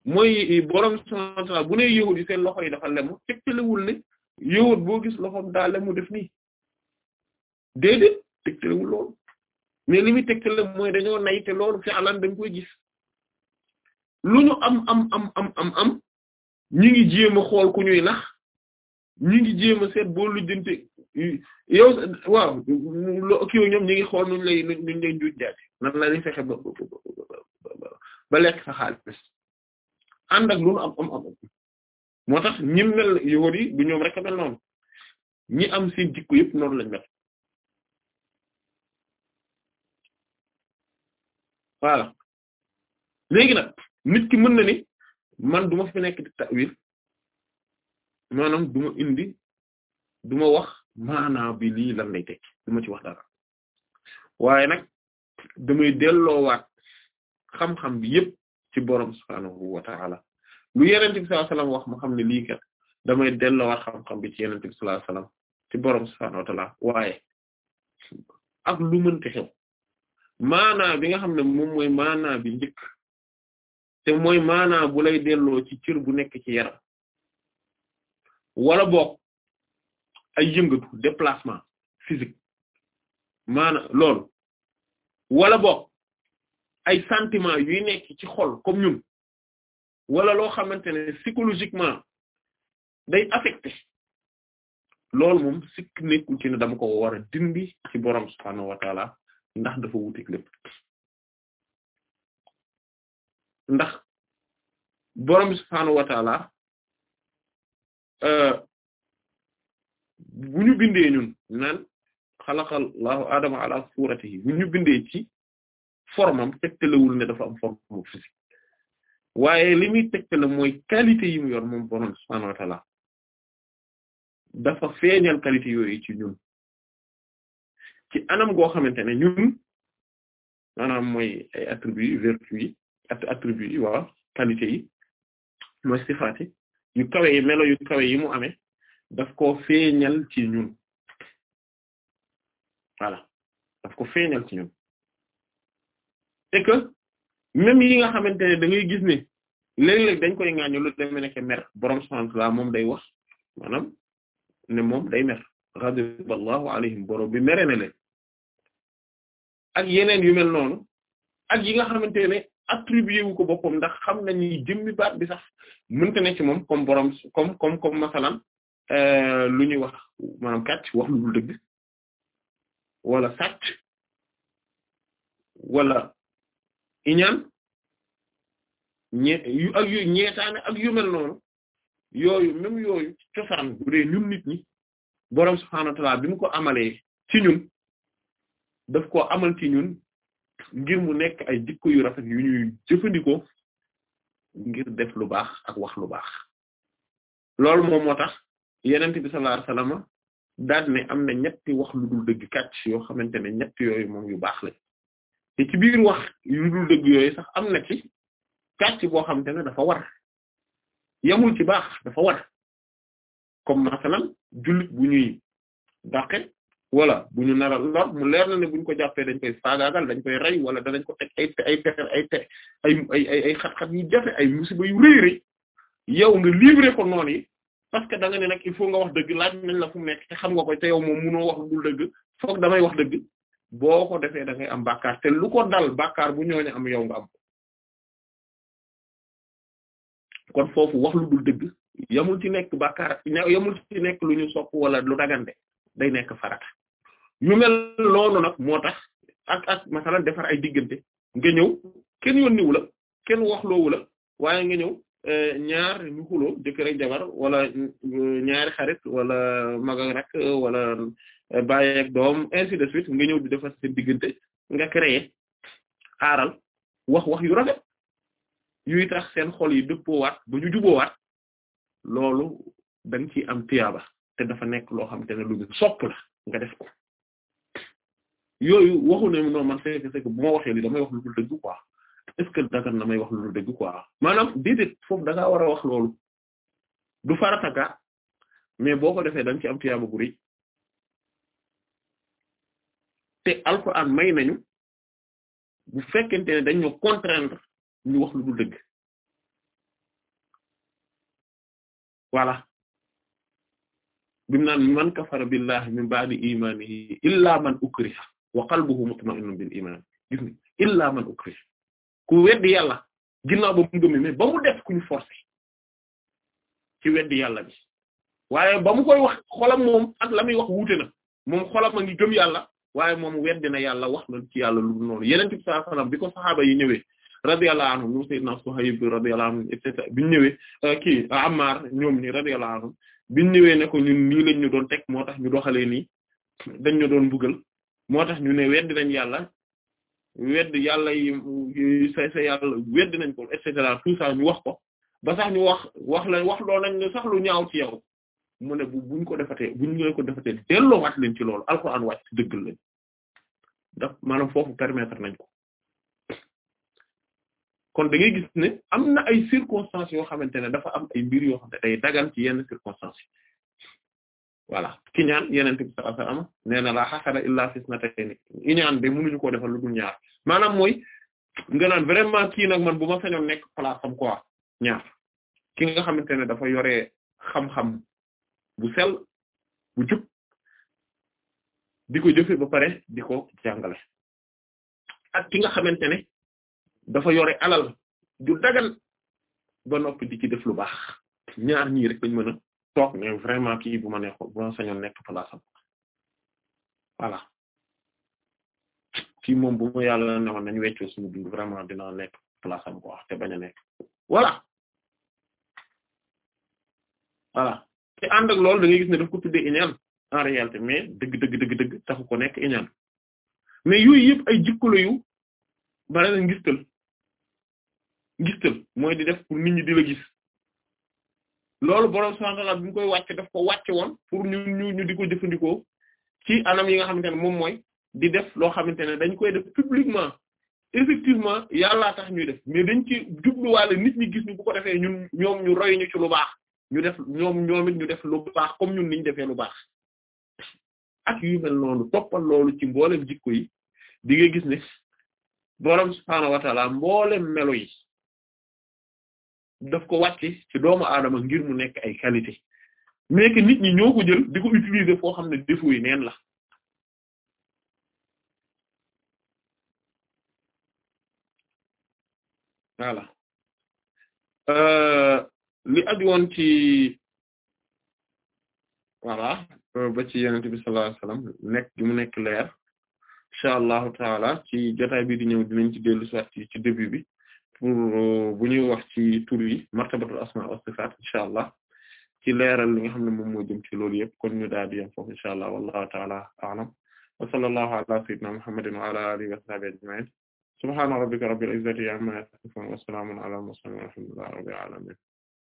S1: mooy borom subhaanahu wa bu ne yahud yi seen loxo yi dafa lemu tegtalewul ne yahud boo gis loxoom daa lemu def nii déedéet tegtalewul loolu mais li muy tegtal mooy dañoo nay te loolu fi alan dañ koy gis lu ñu am am am am am am ñu ngi jéem a xool ku ñuy nax ñu ngi jéem a seet boo lujjante yow waaw kii ñoom ñu ngi xool nuñ lay nuñ lay njuuj jaati nan la ñuy fexe ba ba ba lekk sa xaalis ànd ak lu nu am am moo tax ñi mel yowoor yi ñoom rek a mel noonu ñi am seen jikko yëpp noonu lañ mel voilà léegi nag nit ki mën na ni man du ma fi nekk di ta'wil maanaam indi du wax maanaa bi lii lan lay tekki du ci wax dara waaye nag damay delloowaat xam-xam yépp ci borom subhaanahu wa ta'ala lu yeneen bi sallallahu alayhi xam ne lii kat damay delloowaat xam-xam bi ci yeneen bi sallallahu wa ta'ala waaye ak lu mënti xew maanaa bi nga xam ne moom mooy maanaa bi njëkk te mooy maanaa bu lay delloo ci cër bu nekk ci yaram wala boog ay yëngatu déplacement physique maanaa loolu wala boog ay sentiment yuy nekk ci xol comme wala loo xamante ne psychologiquement day affecté loolu moom sikk nekkul ci ne dama ko war a dindi ci borom subhaanahu wa ndax dafa wutik lépp ndax borom bi subhaanahu wa taala euh, bu ñu bindee ñun naan xalaqallahu adama ala suratihi bu ñu ci formam tegtalewul ne dafa am forme physique waaye li muy tegtale mooy qualité yi yor moom borom subhaanahu wa dafa feeñal qualité yooyu ci ñun ci anam goo xamante ne ñun maanaam mooy ay attributs vertu yi at yi waaw qualité yi mooy sifaat yu kawe yi melo yu kawe yi mu ame daf koo feeñal ci ñun voilà daf ko feeñal ci ñun et que même yi nga xamante ne da ngay gis ne dañ koy ŋaañu lu demee nekk mer borom sant la moom day wax maanaam ne moom day mer ghadib allahu alayhim borom bi mere na leen ak yeneen yu mel noonu ak yi nga xamante ne attribué wu ko boppam ndax xam nañu jëmmi baat bi sax mënta ne ci moom comme borom comme comme comme masalan euh, lu ñuy wax maanaam kàcc wax lu dul dëgg wala sàcc wala iñaan ñe ak yu noonu yooyu même yooyu cosaan bu dee ñun nit ñi borom subhaanahu wa ta'aala bi mu ko amalee ci ñun daf koo amal ci ñun ngir mu nekk ay jikko yu rafet yu ñuy jëfandikoo ngir def lu baax ak wax lu baax loolu moom moo tax yenent bi sallallahu alayhi wasallam daal ne am na ñetti wax lu dul dëgg kàcc yoo xamante ne ñett yooyu moom yu baax la te ci biir wax lu dul dëgg yooyu sax am na ci kàcc boo xamante ne dafa war yamul ci baax dafa war comme masalan jullit bu ñuy wala bu ñu nara lor mu leer na ne bu ñu ko jàppee dañ koy faagaagal dañ koy rey wala danañ ko teg ay xat-xat yu jafe ay musiba yu rëy rëy yow nga livrer ko noonu yi parce que da nga ne nag il faut nga wax dëgg laaj nañ la fu nekk te xam nga ko te yow moom munoo wax dul dëgg foog damay wax dëgg boo ko defee da ngay am bàkkaar te lu ko dal bàkkaar bu ñooñu am yow nga am kon foofu wax lu dul dëgg yamul ci nekk bàkkaar yamul ci nekk lu ñu sopp wala lu dagande day yu mel loolu nag moo tax ak ak defar ay diggante nga ñëw kenn yónniwu la kenn waxloowu la waaye nga ñëw eh, ñaar ñu xuloo jëkkër jabar wala eh, ñaari xarit wala mag ak wala eh, bàyyi ak doom ainsi de suite nga ñëw di defar seen diggante nga créer wax wax yu rafet yuy tax seen xol yi dëppoowaat ba ñu juboowaat loolu da nga ciy am tiyaaba te dafa nekk loo xam te ne lu sopp la def ko yooyu waxu ne non man c'est que bu ma waxee li damay wax lu dul dëgg quoi est-ce na may wax lu dul dëgg quoi maanaam déedéet foofu da ngaa war a wax loolu du farataka mais boo ko defee dañ nga ci am tiyaaba bu rëy te alxuraan may nañu bu fekkente ne dañ ñoo contraindre ñu wax lu dul dëgg voilà bim naan man kafara billahi min ba'di imanihi illa man ukriha wa qalbuhu mutma'innun bil iman gis nga illa man ukriha ku weddi yàlla ginnaaw ba mu gëmee mais ba mu def ku ñu forcé weddi yàlla bi waaye ba mu koy wax xolam moom ak la wax wuute moom xolam a ngi gëm yàlla waaye moom weddi na yàlla wax na ci yàlla lu dul noonu yeneen bi sallallahu alayhi bi ko saxaaba yi ñëwee radiyallahu anhum ñoom sayyidna bi radiyallahu anhum et cetera biñu ñëwee euh, kii Ammar ñoom ni radiyallahu anhum biñu ñëwee ne ko ñun nii lañ ñu doon teg moo tax ñu doxalee nii dañ doon buggal moo tax ñu ne weddi nañ yàlla wedd yàlla yi sa sa weddi nañ ko et cetera tout ñu wax ko ba sax ñu wax wax la wax loo nañ ne sax lu ñaaw ci yow mu ne bu buñ ko defatee buñ ko defatee delloo waat leen ci loolu alxuraan wàcc ci dëggal lañ daf maanaam foofu permettre nañ ko kon da gis ne am na ay circonstances yoo xamante ne dafa am ay mbir yoo xam ne dagan ci yenn circonstances voilà ki ñaan yenente bi sallallahu alayhi wasallam nee na laa xasada illa fis na tey ni de mënuñu koo defal lu dul ñaar maanaam mooy nga naan vraiment kii nag man bu ma sañoon nekk place am quoi ñaar nga xamante ne dafa yore xam-xam bu sel bu ba pare di ki nga xamante ne dafa yore alal du dagal ba noppi di ci def lu baax ñaar ñii rek toog ne vraiment kii bu ma ne bu ma sañoon nekk place am voilà kii moom bu ma yàlla ne ma nañ weccoo suñu dund vraiment dinaa nekk place a nekk voilà voilà dëgg dëgg dëgg dëgg taxu ko nekk iñaan mais ay jikkalo yu bare na ngistal ngistal mooy di def pour nit di la gis loolu borom subhaanahu wa ta'aala bi mu koy wàcc daf ko wàcc woon pour ñu ñu ñu di ko jëfandikoo ci anam yi nga xamante ne moom mooy di def loo xamante ne dañ koy def publiquement effectivement yàllaa tax ñuy def mais dañ ci jubluwaale nit ñi gis ñu bu ko defee ñun ñoom ñu roy ñu ci lu baax ñu def ñoom ñoom ñu def lu baax comme ñun ñu defee lu baax ak yu mel noonu toppal loolu ci mboolem jikko yi di nga gis ne borom subhaanahu wa mboolem melo yi. daf ko wàcce ci doomu aadama ngir mu nekk ay qualité mais nit ñi ñoo ko jël di ko utiliser foo xam ne défaut nen la la voilà euh, li aju ci voilà euh, ba ci yenente bi sallallahu alayhi nekk di mu nekk leer incha allahu taala ci jotaay bi di ñëw dinañ ci dellu soit ci début bi pour bu ñuy wax ci tur yi martabatul asma wa sifaat incha allah ci leeral li nga xam ne moom moo jëm ci loolu yëpp kon ñu daal di yem foofu incha allah wallahu ta'ala a'lam wa sallallahu ala sayyidina muhammadin wa ala alihi wa sahbihi ajma'in subhana rabbika rabbil izzati amma yasifun wa salamun ala al mursalin walhamdulillahi rabbil alamin